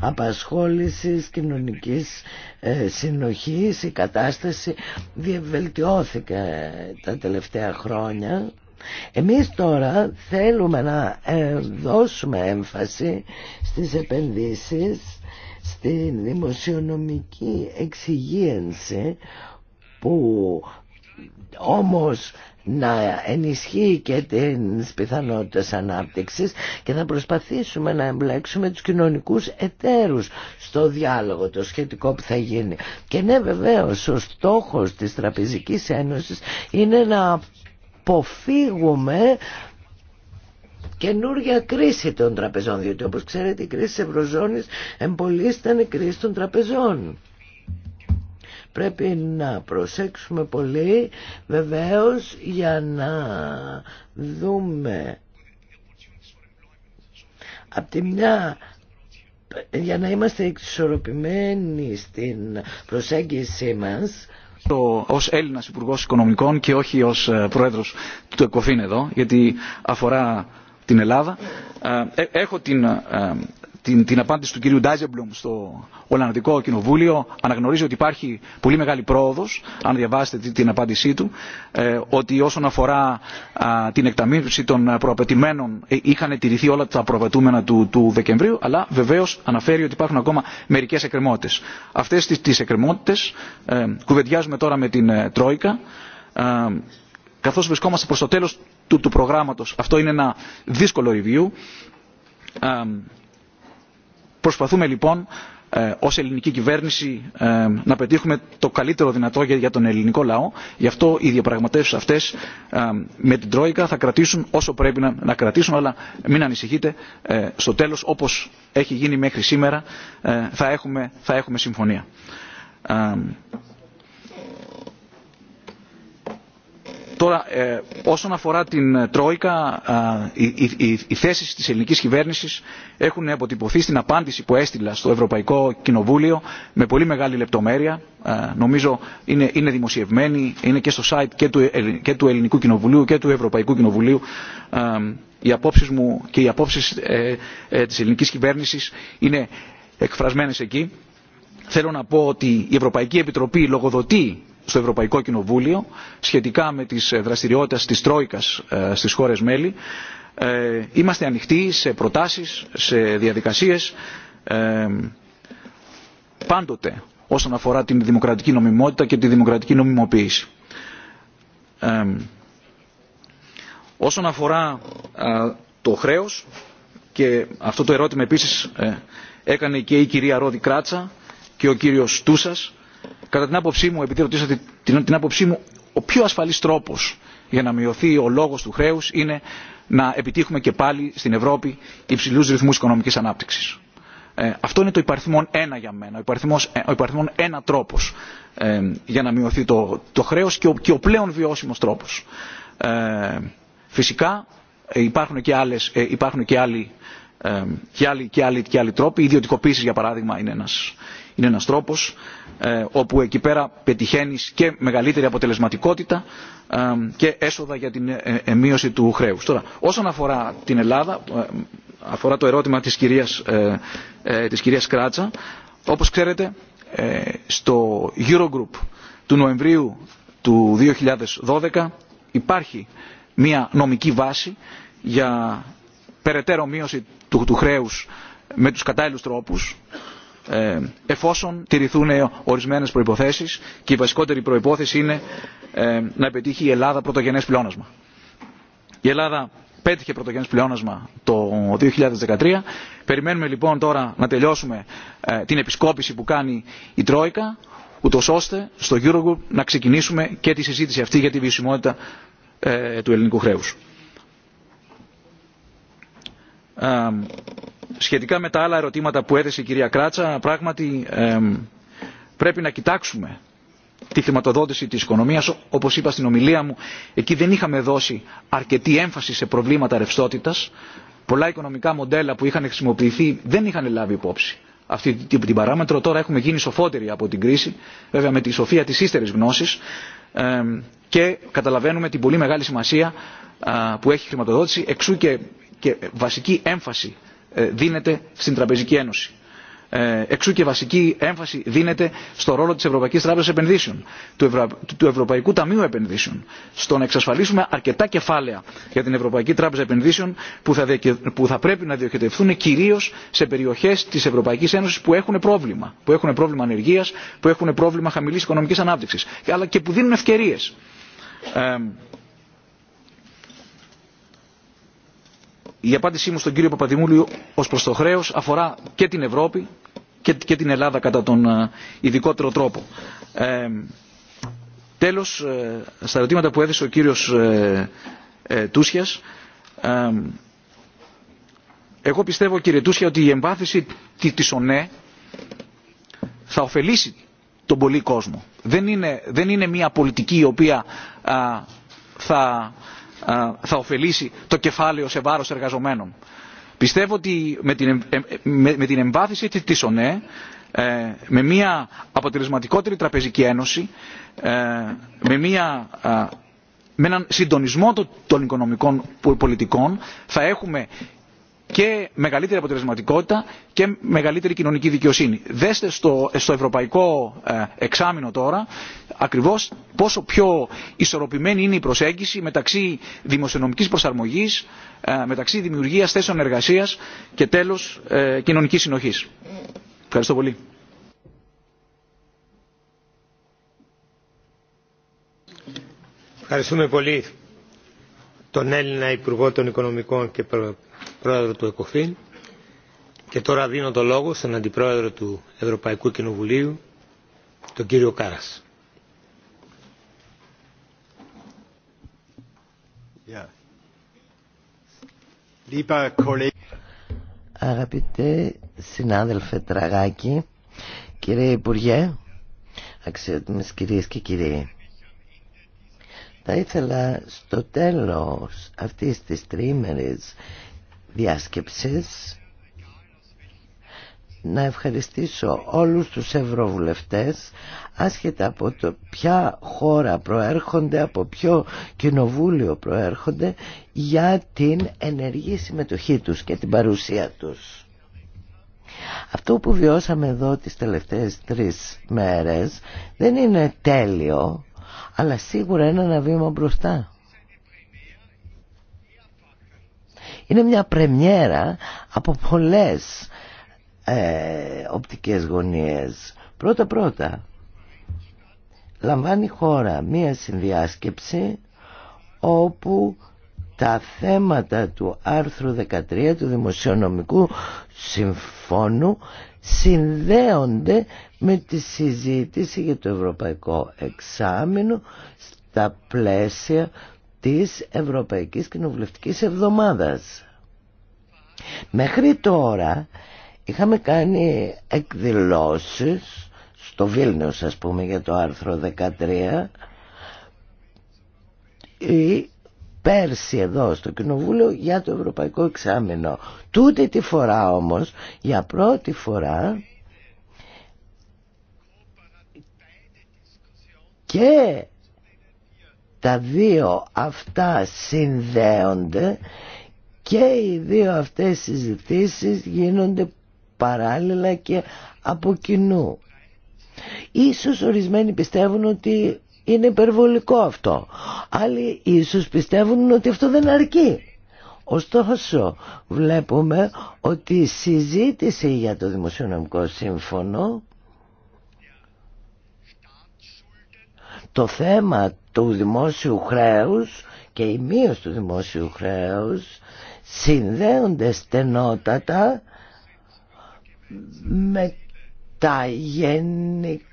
απασχόλησης, κοινωνικής ε, συνοχής, η κατάσταση διαβελτιώθηκε τα τελευταία χρόνια. Εμείς τώρα θέλουμε να ε, δώσουμε έμφαση στις επενδύσεις, στη δημοσιονομική εξυγίανση που όμως να ενισχύει και τις πιθανότητες ανάπτυξης και να προσπαθήσουμε να εμπλέξουμε τους κοινωνικούς εταίρους στο διάλογο το σχετικό που θα γίνει. Και ναι βεβαίως ο στόχος της Τραπεζικής Ένωσης είναι να αποφύγουμε καινούργια κρίση των τραπεζών διότι όπως ξέρετε η κρίση της Ευρωζώνης εμπολίστανε κρίση των τραπεζών. Πρέπει να προσέξουμε πολύ βεβαίως για να δούμε από τη μια για να είμαστε εξισορροπημένοι στην προσέγγιση μας Ως Έλληνας Υπουργό Οικονομικών και όχι ως ε, Πρόεδρος του ΕΚΟΦΗΝ εδώ, γιατί αφορά την Ελλάδα. Ε, ε, έχω την την, απάντηση του κυρίου Ντάιζεμπλουμ στο Ολλανδικό Κοινοβούλιο. Αναγνωρίζει ότι υπάρχει πολύ μεγάλη πρόοδο αν διαβάσετε την απάντησή του, ε, ότι όσον αφορά την εκταμείωση των προαπαιτημένων ε, είχαν τηρηθεί όλα τα προαπαιτούμενα του, του Δεκεμβρίου, αλλά βεβαίω αναφέρει ότι υπάρχουν ακόμα μερικέ εκκρεμότητε. Αυτέ τι εκκρεμότητε ε, κουβεντιάζουμε τώρα με την ε, Τρόικα. Ε, καθώς βρισκόμαστε προ το τέλο του, του προγράμματος, αυτό είναι ένα δύσκολο review. Ε, Προσπαθούμε λοιπόν ε, ως ελληνική κυβέρνηση ε, να πετύχουμε το καλύτερο δυνατό για τον ελληνικό λαό. Γι' αυτό οι διαπραγματεύσεις αυτές ε, με την Τρόικα θα κρατήσουν όσο πρέπει να κρατήσουν, αλλά μην ανησυχείτε, στο τέλος όπως έχει γίνει μέχρι σήμερα θα έχουμε, θα έχουμε συμφωνία. Τώρα, ε, όσον αφορά την ε, Τρόικα, οι, οι, οι θέσεις της ελληνικής κυβέρνησης έχουν αποτυπωθεί στην απάντηση που έστειλα στο Ευρωπαϊκό Κοινοβούλιο με πολύ μεγάλη λεπτομέρεια. Ε, νομίζω είναι, είναι δημοσιευμένη, είναι και στο site και του, και του Ελληνικού Κοινοβουλίου και του Ευρωπαϊκού Κοινοβουλίου οι απόψεις μου και οι απόψεις της ελληνικής κυβέρνησης είναι εκφρασμένες εκεί. Θέλω να πω ότι η Ευρωπαϊκή Επιτροπή λογοδοτεί στο Ευρωπαϊκό Κοινοβούλιο σχετικά με τις ε, δραστηριότητες της Τρόικας ε, στις χώρες μέλη. Ε, είμαστε ανοιχτοί σε προτάσεις, σε διαδικασίες, πάντοτε όσον αφορά την δημοκρατική νομιμότητα και τη δημοκρατική νομιμοποίηση. Όσον αφορά το χρέος, και αυτό το ερώτημα επίσης έκανε και η κυρία Ρόδη Κράτσα και ο κύριος Τούσας, κατά την άποψή μου, επειδή ρωτήσατε την, άποψή μου, ο πιο ασφαλής τρόπος για να μειωθεί ο λόγος του χρέους είναι να επιτύχουμε και πάλι στην Ευρώπη υψηλούς ρυθμούς οικονομικής ανάπτυξης. Ε, αυτό είναι το υπαριθμόν ένα για μένα, ο ε, υπαριθμόν ένα τρόπος ε, για να μειωθεί το, το χρέος και ο, και ο πλέον βιώσιμος τρόπος. φυσικά υπάρχουν και, άλλες, υπάρχουν και άλλοι, και άλλοι, και άλλοι, και άλλοι τρόποι. Η ιδιωτικοποίηση για παράδειγμα είναι ένας, είναι ένας τρόπος. Ε, όπου εκεί πέρα πετυχαίνει και μεγαλύτερη αποτελεσματικότητα ε, και έσοδα για την ε, μείωση του χρέους. Τώρα, όσον αφορά την Ελλάδα, αφορά το ερώτημα της κυρίας, της κυρίας Κράτσα, όπως ξέρετε στο Eurogroup του Νοεμβρίου του 2012 υπάρχει μια νομική βάση για περαιτέρω μείωση του, του χρέους με τους κατάλληλους τρόπους ε, εφόσον τηρηθούν ορισμένες προϋποθέσεις και η βασικότερη προϋπόθεση είναι ε, να πετύχει η Ελλάδα πρωτογενές πλεόνασμα. Η Ελλάδα πέτυχε πρωτογενές πλεόνασμα το 2013. Περιμένουμε λοιπόν τώρα να τελειώσουμε ε, την επισκόπηση που κάνει η Τρόικα, ούτω ώστε στο Eurogroup να ξεκινήσουμε και τη συζήτηση αυτή για τη βιωσιμότητα του ελληνικού χρέους σχετικά με τα άλλα ερωτήματα που έθεσε η κυρία Κράτσα, πράγματι πρέπει να κοιτάξουμε τη χρηματοδότηση της οικονομίας. Όπως είπα στην ομιλία μου, εκεί δεν είχαμε δώσει αρκετή έμφαση σε προβλήματα ρευστότητας. Πολλά οικονομικά μοντέλα που είχαν χρησιμοποιηθεί δεν είχαν λάβει υπόψη αυτή την παράμετρο. Τώρα έχουμε γίνει σοφότεροι από την κρίση, βέβαια με τη σοφία της ύστερης γνώσης και καταλαβαίνουμε την πολύ μεγάλη σημασία που έχει χρηματοδότηση, εξού και βασική έμφαση ε, δίνεται στην Τραπεζική Ένωση. Ε, εξού και βασική έμφαση δίνεται στο ρόλο της Ευρωπαϊκής Τράπεζας Επενδύσεων, του, του Ευρωπαϊκού Ταμείου Επενδύσεων, στο να εξασφαλίσουμε αρκετά κεφάλαια για την Ευρωπαϊκή Τράπεζα Επενδύσεων που θα, που θα πρέπει να διοχετευθούν κυρίως σε περιοχές της Ευρωπαϊκής Ένωσης που έχουν πρόβλημα, που έχουν πρόβλημα ανεργίας, που έχουν πρόβλημα χαμηλής οικονομικής ανάπτυξης, αλλά και που δίνουν ευκαιρίες. Ε, Η απάντησή μου στον κύριο Παπαδημούλη ως προς το χρέος αφορά και την Ευρώπη και την Ελλάδα κατά τον ε, ειδικότερο τρόπο. Ε, τέλος, ε, στα ερωτήματα που έθεσε ο κύριος ε, ε Τούσιας, εγώ πιστεύω κύριε Τούσια ότι η εμπάθηση της ΟΝΕ θα ωφελήσει τον πολύ κόσμο. Δεν είναι, δεν είναι μια πολιτική η οποία θα θα ωφελήσει το κεφάλαιο σε βάρος εργαζομένων. Πιστεύω ότι με την, ε, εμβάθυνση της ΟΝΕ, ε, με μια αποτελεσματικότερη τραπεζική ένωση, ε, με, μια, με έναν συντονισμό των οικονομικών πολιτικών θα έχουμε και μεγαλύτερη αποτελεσματικότητα και μεγαλύτερη κοινωνική δικαιοσύνη. Δέστε στο, στο ευρωπαϊκό ε, εξάμεινο τώρα ακριβώς πόσο πιο ισορροπημένη είναι η προσέγγιση μεταξύ δημοσιονομικής προσαρμογής, ε, μεταξύ δημιουργίας θέσεων εργασίας και τέλος ε, κοινωνικής συνοχής. Ευχαριστώ πολύ. Ευχαριστούμε πολύ τον Έλληνα Υπουργό των Οικονομικών και Πρόεδρο του ΕΚΟΦΗΝ και τώρα δίνω το λόγο στον Αντιπρόεδρο του Ευρωπαϊκού Κοινοβουλίου, τον κύριο Κάρας. Αγαπητέ συνάδελφε Τραγάκη, κύριε Υπουργέ, αξιότιμες κυρίες και κύριοι, θα ήθελα στο τέλος αυτής της τριήμερης διάσκεψης να ευχαριστήσω όλους τους ευρωβουλευτές άσχετα από το ποια χώρα προέρχονται, από ποιο κοινοβούλιο προέρχονται για την ενεργή συμμετοχή τους και την παρουσία τους. Αυτό που βιώσαμε εδώ τις τελευταίες τρεις μέρες δεν είναι τέλειο αλλά σίγουρα είναι ένα βήμα μπροστά. Είναι μια πρεμιέρα από πολλές ε, οπτικές γωνίες. Πρώτα-πρώτα, λαμβάνει χώρα μια συνδιάσκεψη όπου τα θέματα του άρθρου 13 του Δημοσιονομικού Συμφώνου συνδέονται με τη συζήτηση για το Ευρωπαϊκό Εξάμεινο στα πλαίσια της Ευρωπαϊκής Κοινοβουλευτικής Εβδομάδας. Μέχρι τώρα είχαμε κάνει εκδηλώσεις στο Βίλνιος ας πούμε για το άρθρο 13 ή πέρσι εδώ στο Κοινοβούλιο για το Ευρωπαϊκό Εξάμεινο. Τούτη τη φορά όμως, για πρώτη φορά και τα δύο αυτά συνδέονται και οι δύο αυτές συζητήσεις γίνονται παράλληλα και από κοινού. Ίσως ορισμένοι πιστεύουν ότι είναι υπερβολικό αυτό. Άλλοι ίσως πιστεύουν ότι αυτό δεν αρκεί. Ωστόσο βλέπουμε ότι η συζήτηση για το Δημοσιονομικό Σύμφωνο το θέμα του δημόσιου χρέους και η μείωση του δημόσιου χρέους συνδέονται στενότατα με τα γενικά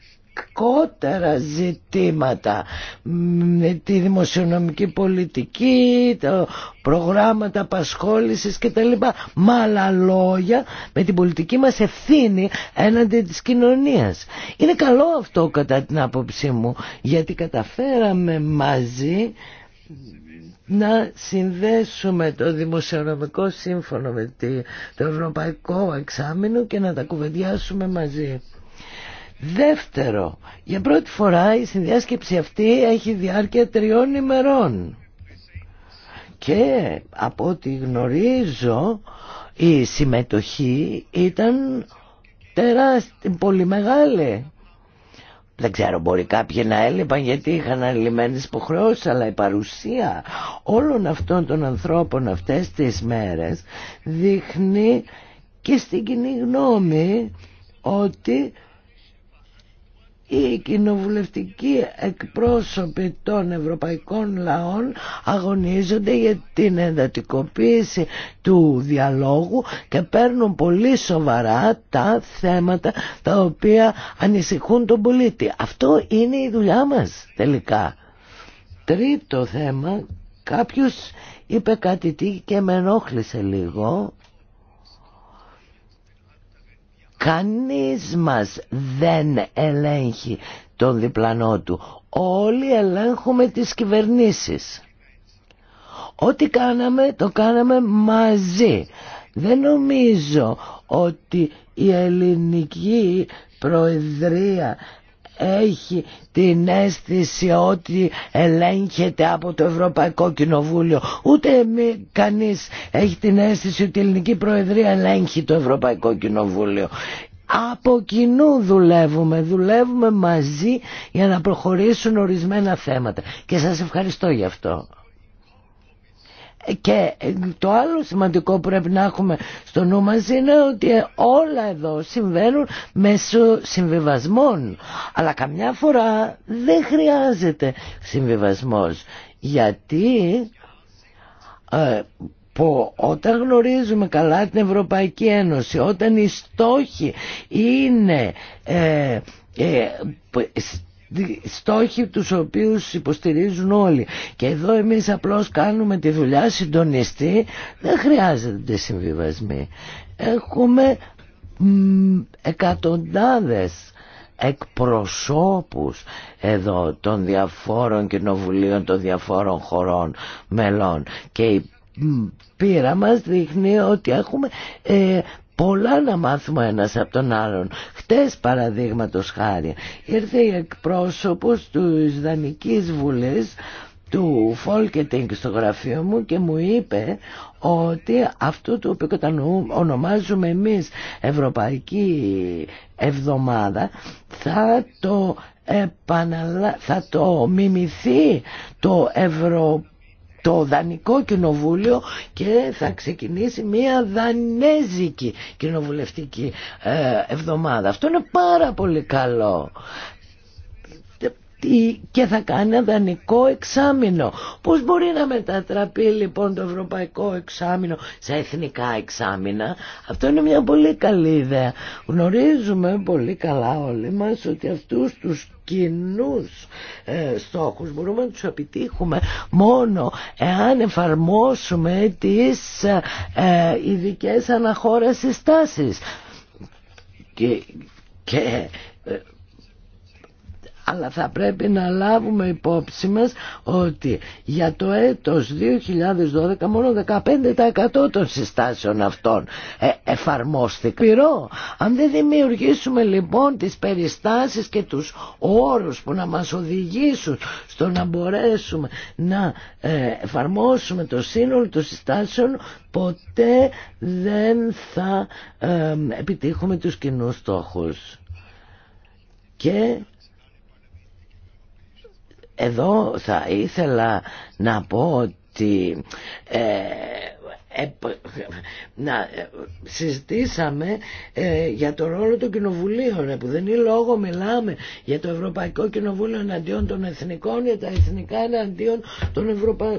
κότερα ζητήματα με τη δημοσιονομική πολιτική, τα προγράμματα απασχόλησης κτλ. Με άλλα λόγια, με την πολιτική μας ευθύνη έναντι της κοινωνίας. Είναι καλό αυτό κατά την άποψή μου, γιατί καταφέραμε μαζί να συνδέσουμε το δημοσιονομικό σύμφωνο με το ευρωπαϊκό εξάμεινο και να τα κουβεντιάσουμε μαζί. Δεύτερο, για πρώτη φορά η συνδιάσκεψη αυτή έχει διάρκεια τριών ημερών. Και από ό,τι γνωρίζω η συμμετοχή ήταν τεράστια, πολύ μεγάλη. Δεν ξέρω, μπορεί κάποιοι να έλειπαν γιατί είχαν αλλημένες υποχρεώσεις, αλλά η παρουσία όλων αυτών των ανθρώπων αυτές τις μέρες δείχνει και στην κοινή γνώμη ότι οι κοινοβουλευτικοί εκπρόσωποι των ευρωπαϊκών λαών αγωνίζονται για την εντατικοποίηση του διαλόγου και παίρνουν πολύ σοβαρά τα θέματα τα οποία ανησυχούν τον πολίτη. Αυτό είναι η δουλειά μας τελικά. Τρίτο θέμα, κάποιος είπε κάτι τι και με ενόχλησε λίγο Κανείς μας δεν ελέγχει τον διπλανό του. Όλοι ελέγχουμε τις κυβερνήσεις. Ό,τι κάναμε το κάναμε μαζί. Δεν νομίζω ότι η ελληνική προεδρία έχει την αίσθηση ότι ελέγχεται από το Ευρωπαϊκό Κοινοβούλιο. Ούτε εμεί, κανείς έχει την αίσθηση ότι η Ελληνική Προεδρία ελέγχει το Ευρωπαϊκό Κοινοβούλιο. Από κοινού δουλεύουμε, δουλεύουμε μαζί για να προχωρήσουν ορισμένα θέματα. Και σας ευχαριστώ γι' αυτό. Και το άλλο σημαντικό που πρέπει να έχουμε στο νου μας είναι ότι όλα εδώ συμβαίνουν μέσω συμβιβασμών. Αλλά καμιά φορά δεν χρειάζεται συμβιβασμός. Γιατί ε, όταν γνωρίζουμε καλά την Ευρωπαϊκή Ένωση, όταν οι στόχοι είναι... Ε, ε, στόχοι τους οποίους υποστηρίζουν όλοι. Και εδώ εμείς απλώς κάνουμε τη δουλειά συντονιστή, δεν χρειάζεται συμβιβασμοί. Έχουμε εκατοντάδες εκπροσώπους εδώ των διαφόρων κοινοβουλίων, των διαφόρων χωρών μελών και η πείρα μας δείχνει ότι έχουμε ε, πολλά να μάθουμε ένας από τον άλλον. Χτες παραδείγματος χάρη ήρθε η εκπρόσωπος του Ισδανικής Βουλής του Φολκετινγκ στο γραφείο μου και μου είπε ότι αυτό το οποίο ονομάζουμε εμείς Ευρωπαϊκή Εβδομάδα θα το, επαναλα... θα το μιμηθεί το Ευρωπαϊκό το Δανικό Κοινοβούλιο και θα ξεκινήσει μια Δανέζικη Κοινοβουλευτική ε, εβδομάδα. Αυτό είναι πάρα πολύ καλό και θα κάνει ένα δανεικό εξάμεινο. Πώς μπορεί να μετατραπεί λοιπόν το ευρωπαϊκό εξάμεινο σε εθνικά εξάμεινα. Αυτό είναι μια πολύ καλή ιδέα. Γνωρίζουμε πολύ καλά όλοι μας ότι αυτούς τους κοινού ε, στόχους μπορούμε να τους επιτύχουμε μόνο εάν εφαρμόσουμε τις ε, ε, ειδικές αναχώρες και ε, αλλά θα πρέπει να λάβουμε υπόψη μας ότι για το έτος 2012 μόνο 15% των συστάσεων αυτών ε, εφαρμόστηκαν. αν δεν δημιουργήσουμε λοιπόν τις περιστάσεις και τους όρους που να μας οδηγήσουν στο να μπορέσουμε να ε, εφαρμόσουμε το σύνολο των συστάσεων ποτέ δεν θα ε, επιτύχουμε τους κοινούς στόχους. Και εδώ θα ήθελα να πω ότι ε, να ε, συζητήσαμε ε, για το ρόλο των κοινοβουλίων ε, που δεν είναι λόγο μιλάμε για το Ευρωπαϊκό Κοινοβούλιο εναντίον των Εθνικών για τα Εθνικά εναντίον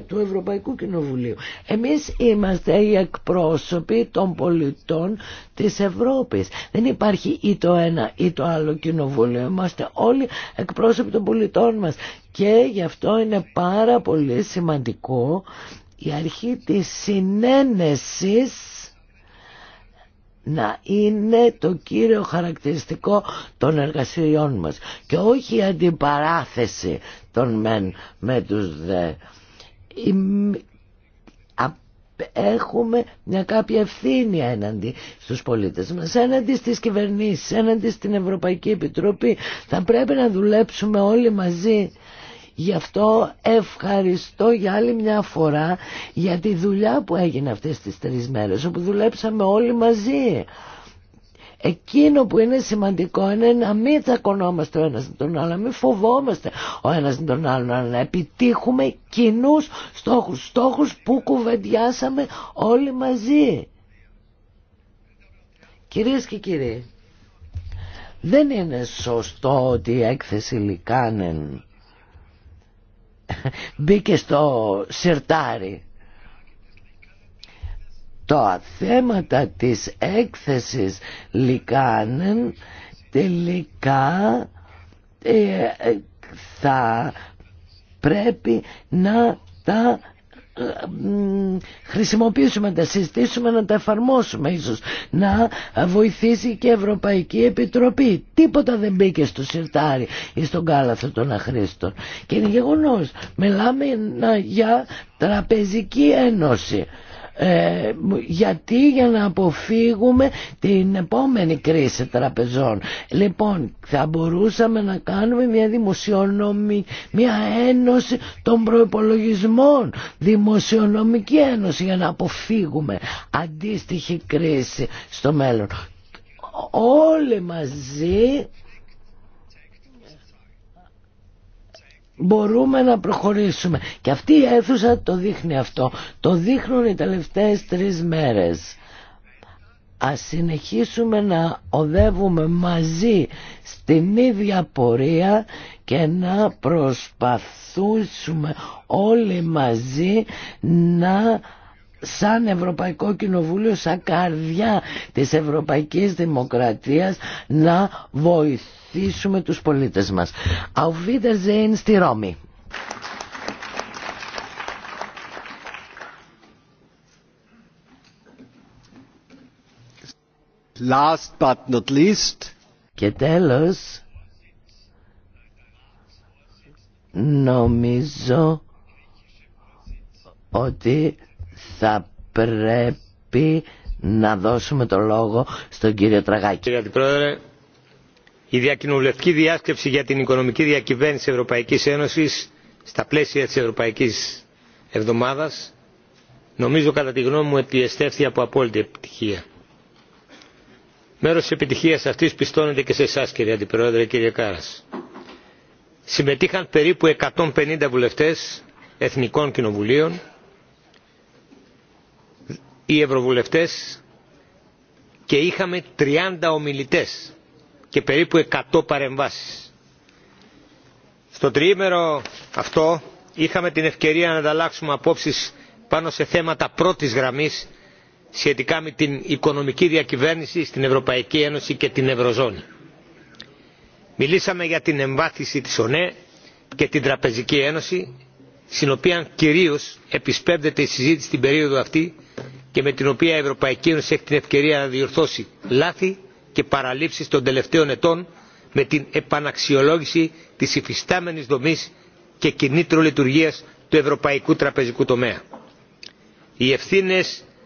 του Ευρωπαϊκού Κοινοβουλίου εμείς είμαστε οι εκπρόσωποι των πολιτών της Ευρώπης δεν υπάρχει ή το ένα ή το άλλο κοινοβούλιο είμαστε όλοι εκπρόσωποι των πολιτών μας και γι' αυτό είναι πάρα πολύ σημαντικό η αρχή της συνένεσης να είναι το κύριο χαρακτηριστικό των εργασιών μας και όχι η αντιπαράθεση των μεν με τους δε. Έχουμε μια κάποια ευθύνη έναντι στους πολίτες μας, έναντι στις κυβερνήσεις, έναντι στην Ευρωπαϊκή Επιτροπή. Θα πρέπει να δουλέψουμε όλοι μαζί Γι' αυτό ευχαριστώ για άλλη μια φορά για τη δουλειά που έγινε αυτές τις τρεις μέρες όπου δουλέψαμε όλοι μαζί. Εκείνο που είναι σημαντικό είναι να μην τσακωνόμαστε ο ένας με τον άλλο, να μην φοβόμαστε ο ένας με τον άλλο, να επιτύχουμε κοινού στόχους, στόχους που κουβεντιάσαμε όλοι μαζί. Κυρίες και κύριοι, δεν είναι σωστό ότι η έκθεση Λικάνεν μπήκε στο σιρτάρι. Το θέματα της έκθεσης Λικάνεν τελικά ε, ε, θα πρέπει να τα χρησιμοποιήσουμε, τα συστήσουμε, να τα εφαρμόσουμε ίσως. Να βοηθήσει και η Ευρωπαϊκή Επιτροπή. Τίποτα δεν μπήκε στο σιρτάρι ή στον κάλαθο των αχρήστων. Και είναι γεγονός. Μιλάμε για τραπεζική ένωση. Ε, γιατί για να αποφύγουμε την επόμενη κρίση τραπεζών. Λοιπόν, θα μπορούσαμε να κάνουμε μια δημοσιονομική, μια ένωση των προϋπολογισμών, δημοσιονομική ένωση για να αποφύγουμε αντίστοιχη κρίση στο μέλλον. Όλοι μαζί μπορούμε να προχωρήσουμε και αυτή η αίθουσα το δείχνει αυτό το δείχνουν οι τελευταίες τρεις μέρες ας συνεχίσουμε να οδεύουμε μαζί στην ίδια πορεία και να προσπαθούσουμε όλοι μαζί να σαν Ευρωπαϊκό Κοινοβούλιο, σαν καρδιά της Ευρωπαϊκής Δημοκρατίας να βοηθήσουμε βοηθήσουμε τους πολίτες μας. Auf Wiedersehen στη Ρώμη. Last but not least. Και τέλος, νομίζω ότι θα πρέπει να δώσουμε το λόγο στον κύριο Τραγάκη. Κύριε Αντιπρόεδρε, η διακοινοβουλευτική διάσκεψη για την οικονομική διακυβέρνηση ευρωπαϊκής ένωσης στα πλαίσια της ευρωπαϊκής εβδομάδας νομίζω κατά τη γνώμη μου ότι εστέφθη από απόλυτη επιτυχία. μέρος της επιτυχίας αυτής πιστώνεται και σε εσάς κύριε αντιπρόεδρε κύριε κάρας. συμμετείχαν περίπου 150 βουλευτές εθνικών κοινοβουλίων ή ευρωβουλευτές και είχαμε 30 ομιλητές και περίπου 100 παρεμβάσεις. Στο τριήμερο αυτό είχαμε την ευκαιρία να ανταλλάξουμε απόψεις πάνω σε θέματα πρώτης γραμμής σχετικά με την οικονομική διακυβέρνηση στην Ευρωπαϊκή Ένωση και την Ευρωζώνη. Μιλήσαμε για την εμβάθυνση της ΟΝΕ και την Τραπεζική Ένωση, στην οποία κυρίως επισπεύδεται η συζήτηση στην περίοδο αυτή και με την οποία η Ευρωπαϊκή Ένωση έχει την ευκαιρία να διορθώσει λάθη και παραλήψεις των τελευταίων ετών με την επαναξιολόγηση της υφιστάμενης δομής και κινήτρου λειτουργίας του ευρωπαϊκού τραπεζικού τομέα. Οι ευθύνε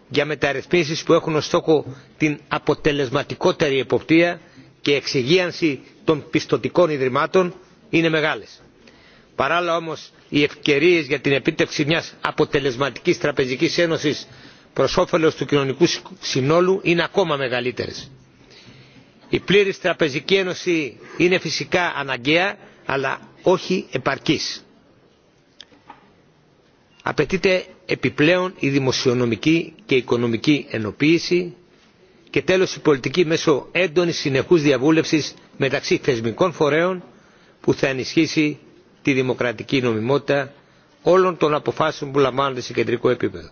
για μεταρρυθμίσεις που έχουν ως στόχο την αποτελεσματικότερη εποπτεία και εξυγίανση των πιστοτικών ιδρυμάτων είναι μεγάλες. Παράλληλα όμως οι ευκαιρίες για την επίτευξη μιας αποτελεσματικής τραπεζικής ένωσης προς όφελος του κοινωνικού συνόλου είναι ακόμα μεγαλύτερες. Η πλήρης τραπεζική ένωση είναι φυσικά αναγκαία, αλλά όχι επαρκής. Απαιτείται επιπλέον η δημοσιονομική και οικονομική ενοποίηση και τέλος η πολιτική μέσω έντονης συνεχούς διαβούλευσης μεταξύ θεσμικών φορέων που θα ενισχύσει τη δημοκρατική νομιμότητα όλων των αποφάσεων που λαμβάνονται σε κεντρικό επίπεδο.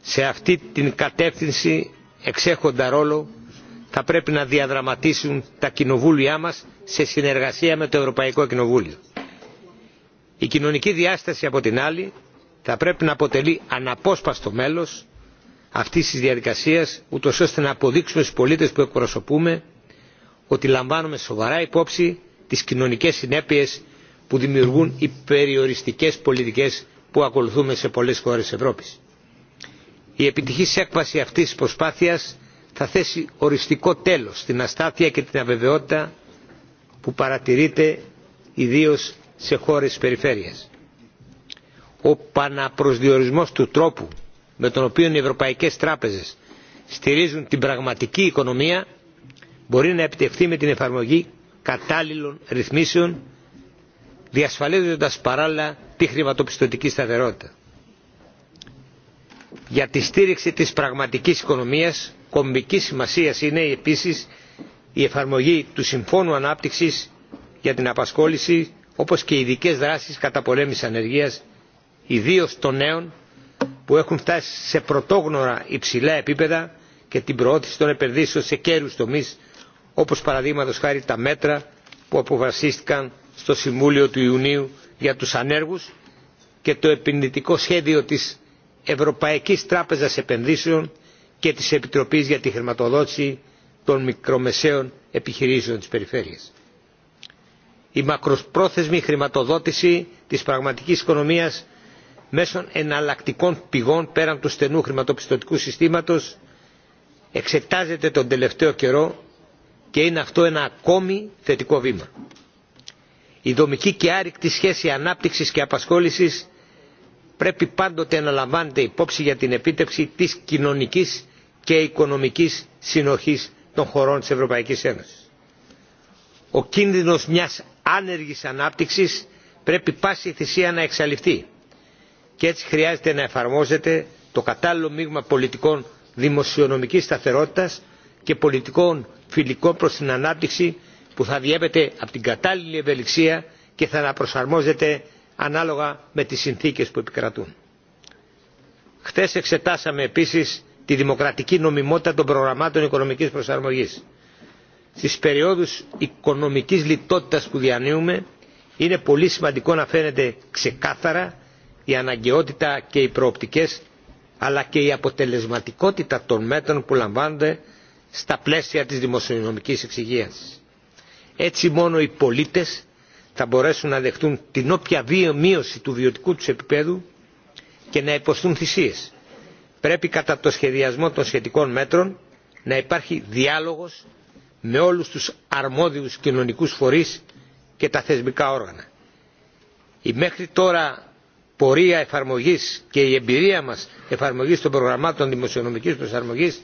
Σε αυτή την κατεύθυνση εξέχοντα ρόλο θα πρέπει να διαδραματίσουν τα κοινοβούλια μας σε συνεργασία με το Ευρωπαϊκό Κοινοβούλιο. Η κοινωνική διάσταση από την άλλη θα πρέπει να αποτελεί αναπόσπαστο μέλος αυτής της διαδικασίας ούτως ώστε να αποδείξουμε στους πολίτες που εκπροσωπούμε ότι λαμβάνουμε σοβαρά υπόψη τις κοινωνικές συνέπειες που δημιουργούν οι περιοριστικές πολιτικές που ακολουθούμε σε πολλές χώρες Ευρώπης. Η επιτυχής έκβαση αυτής της προσπάθειας θα θέσει οριστικό τέλος στην αστάθεια και την αβεβαιότητα που παρατηρείται ιδίως σε χώρες περιφέρειας. Ο παναπροσδιορισμός του τρόπου με τον οποίο οι ευρωπαϊκές τράπεζες στηρίζουν την πραγματική οικονομία μπορεί να επιτευχθεί με την εφαρμογή κατάλληλων ρυθμίσεων διασφαλίζοντας παράλληλα τη χρηματοπιστωτική σταθερότητα για τη στήριξη της πραγματικής οικονομίας κομβικής σημασίας είναι επίσης η εφαρμογή του συμφώνου ανάπτυξης για την απασχόληση όπως και ειδικέ δράσεις κατά πολέμης ανεργίας ιδίως των νέων που έχουν φτάσει σε πρωτόγνωρα υψηλά επίπεδα και την προώθηση των επενδύσεων σε κέρους τομείς όπως παραδείγματος χάρη τα μέτρα που αποφασίστηκαν στο Συμβούλιο του Ιουνίου για τους ανέργους και το επενδυτικό σχέδιο της Ευρωπαϊκής Τράπεζας Επενδύσεων και της Επιτροπής για τη Χρηματοδότηση των Μικρομεσαίων Επιχειρήσεων της Περιφέρειας. Η μακροπρόθεσμη χρηματοδότηση της πραγματικής οικονομίας μέσω εναλλακτικών πηγών πέραν του στενού χρηματοπιστωτικού συστήματος εξετάζεται τον τελευταίο καιρό και είναι αυτό ένα ακόμη θετικό βήμα. Η δομική και άρρηκτη σχέση ανάπτυξης και απασχόλησης πρέπει πάντοτε να λαμβάνεται υπόψη για την επίτευξη της κοινωνικής και οικονομικής συνοχής των χωρών της Ευρωπαϊκής Ένωσης. Ο κίνδυνος μιας άνεργης ανάπτυξης πρέπει πάση θυσία να εξαλειφθεί και έτσι χρειάζεται να εφαρμόζεται το κατάλληλο μείγμα πολιτικών δημοσιονομικής σταθερότητας και πολιτικών φιλικών προς την ανάπτυξη που θα διέπεται από την κατάλληλη ευελιξία και θα αναπροσαρμόζεται ανάλογα με τις συνθήκες που επικρατούν. Χθες εξετάσαμε επίσης τη δημοκρατική νομιμότητα των προγραμμάτων οικονομικής προσαρμογής. Στις περιόδους οικονομικής λιτότητας που διανύουμε είναι πολύ σημαντικό να φαίνεται ξεκάθαρα η αναγκαιότητα και οι προοπτικές αλλά και η αποτελεσματικότητα των μέτρων που λαμβάνονται στα πλαίσια της δημοσιονομικής εξυγείας. Έτσι μόνο οι πολίτες θα μπορέσουν να δεχτούν την όποια μείωση του βιωτικού τους επίπεδου και να υποστούν θυσίες. Πρέπει κατά το σχεδιασμό των σχετικών μέτρων να υπάρχει διάλογος με όλους τους αρμόδιους κοινωνικούς φορείς και τα θεσμικά όργανα. Η μέχρι τώρα πορεία εφαρμογής και η εμπειρία μας εφαρμογής των προγραμμάτων δημοσιονομικής προσαρμογής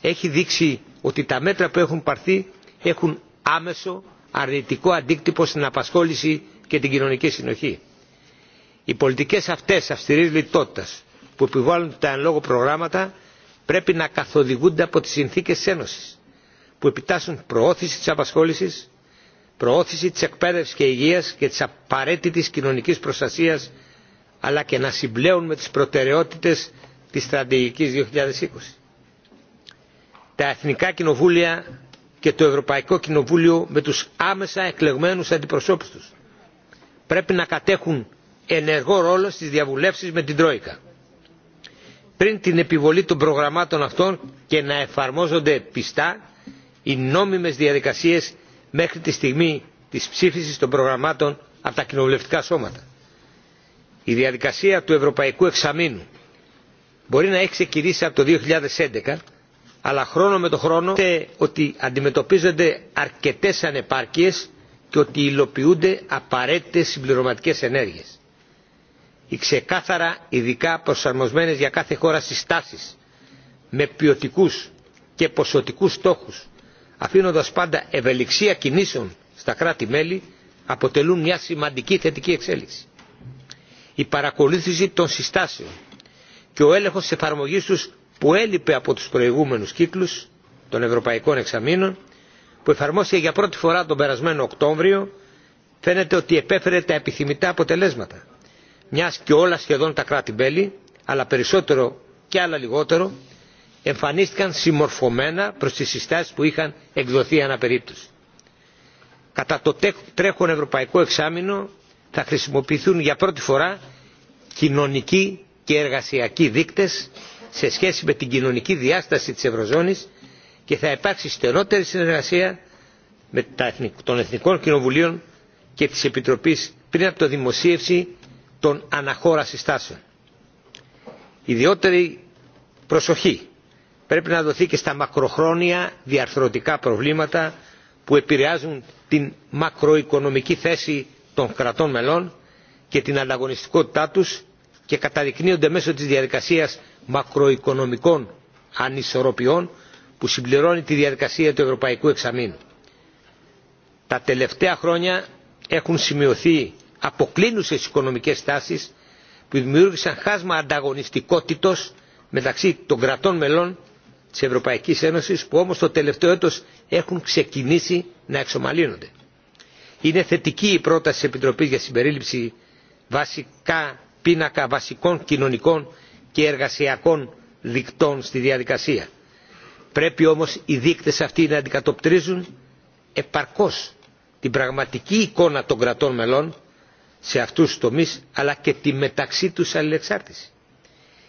έχει δείξει ότι τα μέτρα που έχουν πάρθει έχουν άμεσο αρνητικό αντίκτυπο στην απασχόληση και την κοινωνική συνοχή. Οι πολιτικές αυτές αυστηρής λιτότητας που επιβάλλουν τα εν λόγω προγράμματα πρέπει να καθοδηγούνται από τις συνθήκες της Ένωσης που επιτάσσουν προώθηση της απασχόλησης, προώθηση της εκπαίδευσης και υγείας και της απαραίτητης κοινωνικής προστασίας αλλά και να συμπλέουν με τις προτεραιότητες της στρατηγικής 2020. Τα εθνικά κοινοβούλια και το Ευρωπαϊκό Κοινοβούλιο με τους άμεσα εκλεγμένους αντιπροσώπους τους. Πρέπει να κατέχουν ενεργό ρόλο στις διαβουλεύσεις με την Τρόικα. Πριν την επιβολή των προγραμμάτων αυτών και να εφαρμόζονται πιστά οι νόμιμες διαδικασίες μέχρι τη στιγμή της ψήφισης των προγραμμάτων από τα κοινοβουλευτικά σώματα. Η διαδικασία του Ευρωπαϊκού Εξαμήνου μπορεί να έχει ξεκινήσει από το 2011 αλλά χρόνο με το χρόνο ότι αντιμετωπίζονται αρκετές ανεπάρκειες και ότι υλοποιούνται απαραίτητες συμπληρωματικές ενέργειες. Οι ξεκάθαρα ειδικά προσαρμοσμένες για κάθε χώρα συστάσεις με ποιοτικούς και ποσοτικούς στόχους αφήνοντας πάντα ευελιξία κινήσεων στα κράτη-μέλη αποτελούν μια σημαντική θετική εξέλιξη. Η παρακολούθηση των συστάσεων και ο έλεγχος εφαρμογής που έλειπε από τους προηγούμενους κύκλους των ευρωπαϊκών εξαμήνων που εφαρμόστηκε για πρώτη φορά τον περασμένο Οκτώβριο φαίνεται ότι επέφερε τα επιθυμητά αποτελέσματα μιας και όλα σχεδόν τα κράτη-μέλη αλλά περισσότερο και άλλα λιγότερο εμφανίστηκαν συμμορφωμένα προς τις συστάσεις που είχαν εκδοθεί αναπερίπτωση. Κατά το τρέχον ευρωπαϊκό εξάμεινο θα χρησιμοποιηθούν για πρώτη φορά κοινωνικοί και εργασιακοί δείκτες σε σχέση με την κοινωνική διάσταση της Ευρωζώνης και θα υπάρξει στενότερη συνεργασία με των Εθνικών Κοινοβουλίων και της Επιτροπής πριν από το δημοσίευση των αναχώρα συστάσεων. Ιδιότερη προσοχή πρέπει να δοθεί και στα μακροχρόνια διαρθρωτικά προβλήματα που επηρεάζουν την μακροοικονομική θέση των κρατών μελών και την ανταγωνιστικότητά τους και καταδεικνύονται μέσω της διαδικασίας μακροοικονομικών ανισορροπιών που συμπληρώνει τη διαδικασία του Ευρωπαϊκού Εξαμήνου. Τα τελευταία χρόνια έχουν σημειωθεί αποκλίνουσες οικονομικές τάσεις που δημιούργησαν χάσμα ανταγωνιστικότητος μεταξύ των κρατών μελών της Ευρωπαϊκής Ένωσης που όμως το τελευταίο έτος έχουν ξεκινήσει να εξομαλύνονται. Είναι θετική η πρόταση της Επιτροπής για συμπερίληψη βασικά πίνακα βασικών κοινωνικών και εργασιακών δικτών στη διαδικασία. Πρέπει όμως οι δείκτες αυτοί να αντικατοπτρίζουν επαρκώς την πραγματική εικόνα των κρατών μελών σε αυτούς τους τομείς αλλά και τη μεταξύ τους αλληλεξάρτηση.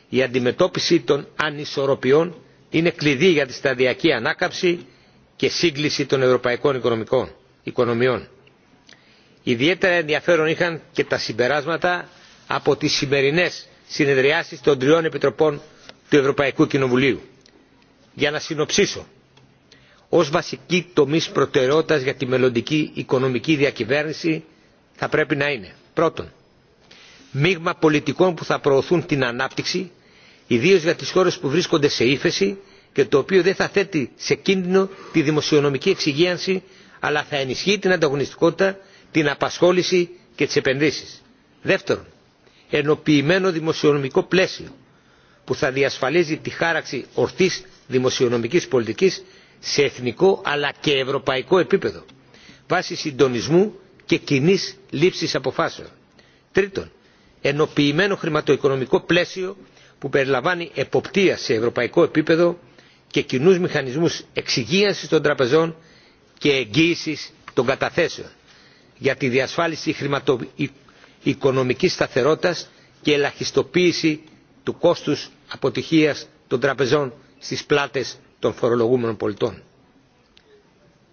Η αντιμετώπιση των ανισορροπιών είναι κλειδί για τη σταδιακή ανάκαμψη και σύγκληση των ευρωπαϊκών οικονομιών. Ιδιαίτερα ενδιαφέρον είχαν και τα συμπεράσματα από τις σημερινές συνεδριάσεις των τριών επιτροπών του Ευρωπαϊκού Κοινοβουλίου. Για να συνοψίσω, ως βασική τομής προτεραιότητας για τη μελλοντική οικονομική διακυβέρνηση θα πρέπει να είναι πρώτον μείγμα πολιτικών που θα προωθούν την ανάπτυξη ιδίως για τις χώρες που βρίσκονται σε ύφεση και το οποίο δεν θα θέτει σε κίνδυνο τη δημοσιονομική εξυγίανση αλλά θα ενισχύει την ανταγωνιστικότητα, την απασχόληση και τις επενδύσεις. Δεύτερον, ενοποιημένο δημοσιονομικό πλαίσιο που θα διασφαλίζει τη χάραξη ορθής δημοσιονομικής πολιτικής σε εθνικό αλλά και ευρωπαϊκό επίπεδο βάσει συντονισμού και κοινή λήψη αποφάσεων. Τρίτον, ενοποιημένο χρηματοοικονομικό πλαίσιο που περιλαμβάνει εποπτεία σε ευρωπαϊκό επίπεδο και κοινού μηχανισμούς εξυγίανσης των τραπεζών και εγγύηση των καταθέσεων για τη διασφάλιση οικονομικής σταθερότητας και ελαχιστοποίηση του κόστους αποτυχίας των τραπεζών στις πλάτες των φορολογούμενων πολιτών.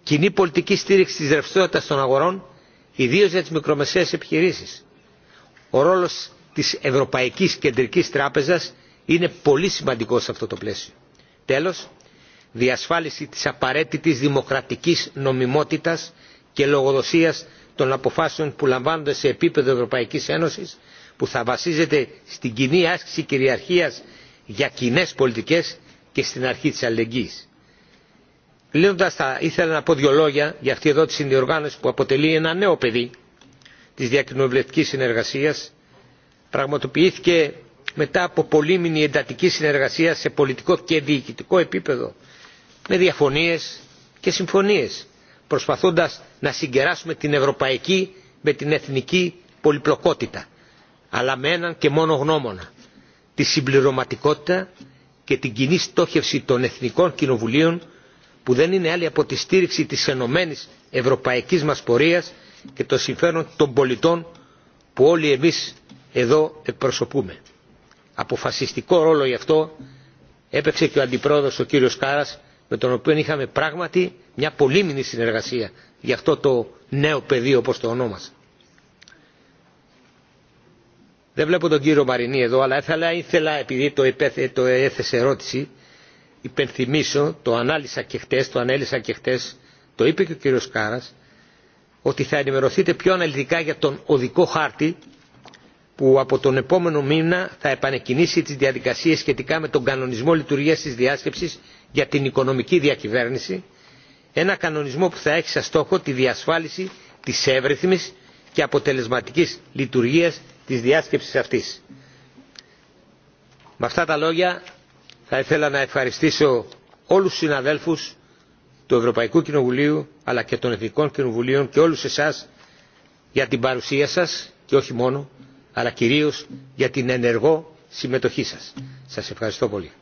Κοινή πολιτική στήριξη της ρευστότητας των αγορών, ιδίως για τις μικρομεσαίες επιχειρήσεις. Ο ρόλος της Ευρωπαϊκής Κεντρικής Τράπεζας είναι πολύ σημαντικός σε αυτό το πλαίσιο. Τέλος, διασφάλιση της απαραίτητης δημοκρατικής νομιμότητας και λογοδοσίας των αποφάσεων που λαμβάνονται σε επίπεδο Ευρωπαϊκής Ένωσης που θα βασίζεται στην κοινή άσκηση κυριαρχίας για κοινέ πολιτικές και στην αρχή της αλληλεγγύης. Κλείνοντας θα ήθελα να πω δύο λόγια για αυτή εδώ τη συνδιοργάνωση που αποτελεί ένα νέο παιδί της διακοινοβουλευτικής συνεργασίας πραγματοποιήθηκε μετά από πολύμηνη εντατική συνεργασία σε πολιτικό και διοικητικό επίπεδο με διαφωνίες και συμφωνίες προσπαθώντας να συγκεράσουμε την ευρωπαϊκή με την εθνική πολυπλοκότητα αλλά με έναν και μόνο γνώμονα τη συμπληρωματικότητα και την κοινή στόχευση των εθνικών κοινοβουλίων που δεν είναι άλλη από τη στήριξη της ενωμένης ευρωπαϊκής μας πορείας και των συμφέρων των πολιτών που όλοι εμείς εδώ εκπροσωπούμε. Αποφασιστικό ρόλο γι' αυτό έπαιξε και ο αντιπρόεδρος ο κύριος Κάρας με τον οποίο είχαμε πράγματι μια πολύμινη συνεργασία για αυτό το νέο πεδίο όπως το ονόμασα. Δεν βλέπω τον κύριο Μαρινή εδώ, αλλά ήθελα, ήθελα επειδή το, επέθε, το έθεσε ερώτηση, υπενθυμίσω, το ανάλυσα και χτες, το ανέλησα και χτες, το είπε και ο κύριος Κάρας, ότι θα ενημερωθείτε πιο αναλυτικά για τον οδικό χάρτη που από τον επόμενο μήνα θα επανεκκινήσει τις διαδικασίες σχετικά με τον κανονισμό λειτουργίας της διάσκεψης για την οικονομική διακυβέρνηση ένα κανονισμό που θα έχει σαν στόχο τη διασφάλιση της εύρυθμης και αποτελεσματικής λειτουργίας της διάσκεψης αυτής. Με αυτά τα λόγια θα ήθελα να ευχαριστήσω όλους τους συναδέλφους του Ευρωπαϊκού Κοινοβουλίου αλλά και των Εθνικών Κοινοβουλίων και όλους εσάς για την παρουσία σας και όχι μόνο αλλά κυρίως για την ενεργό συμμετοχή σας. Σας ευχαριστώ πολύ.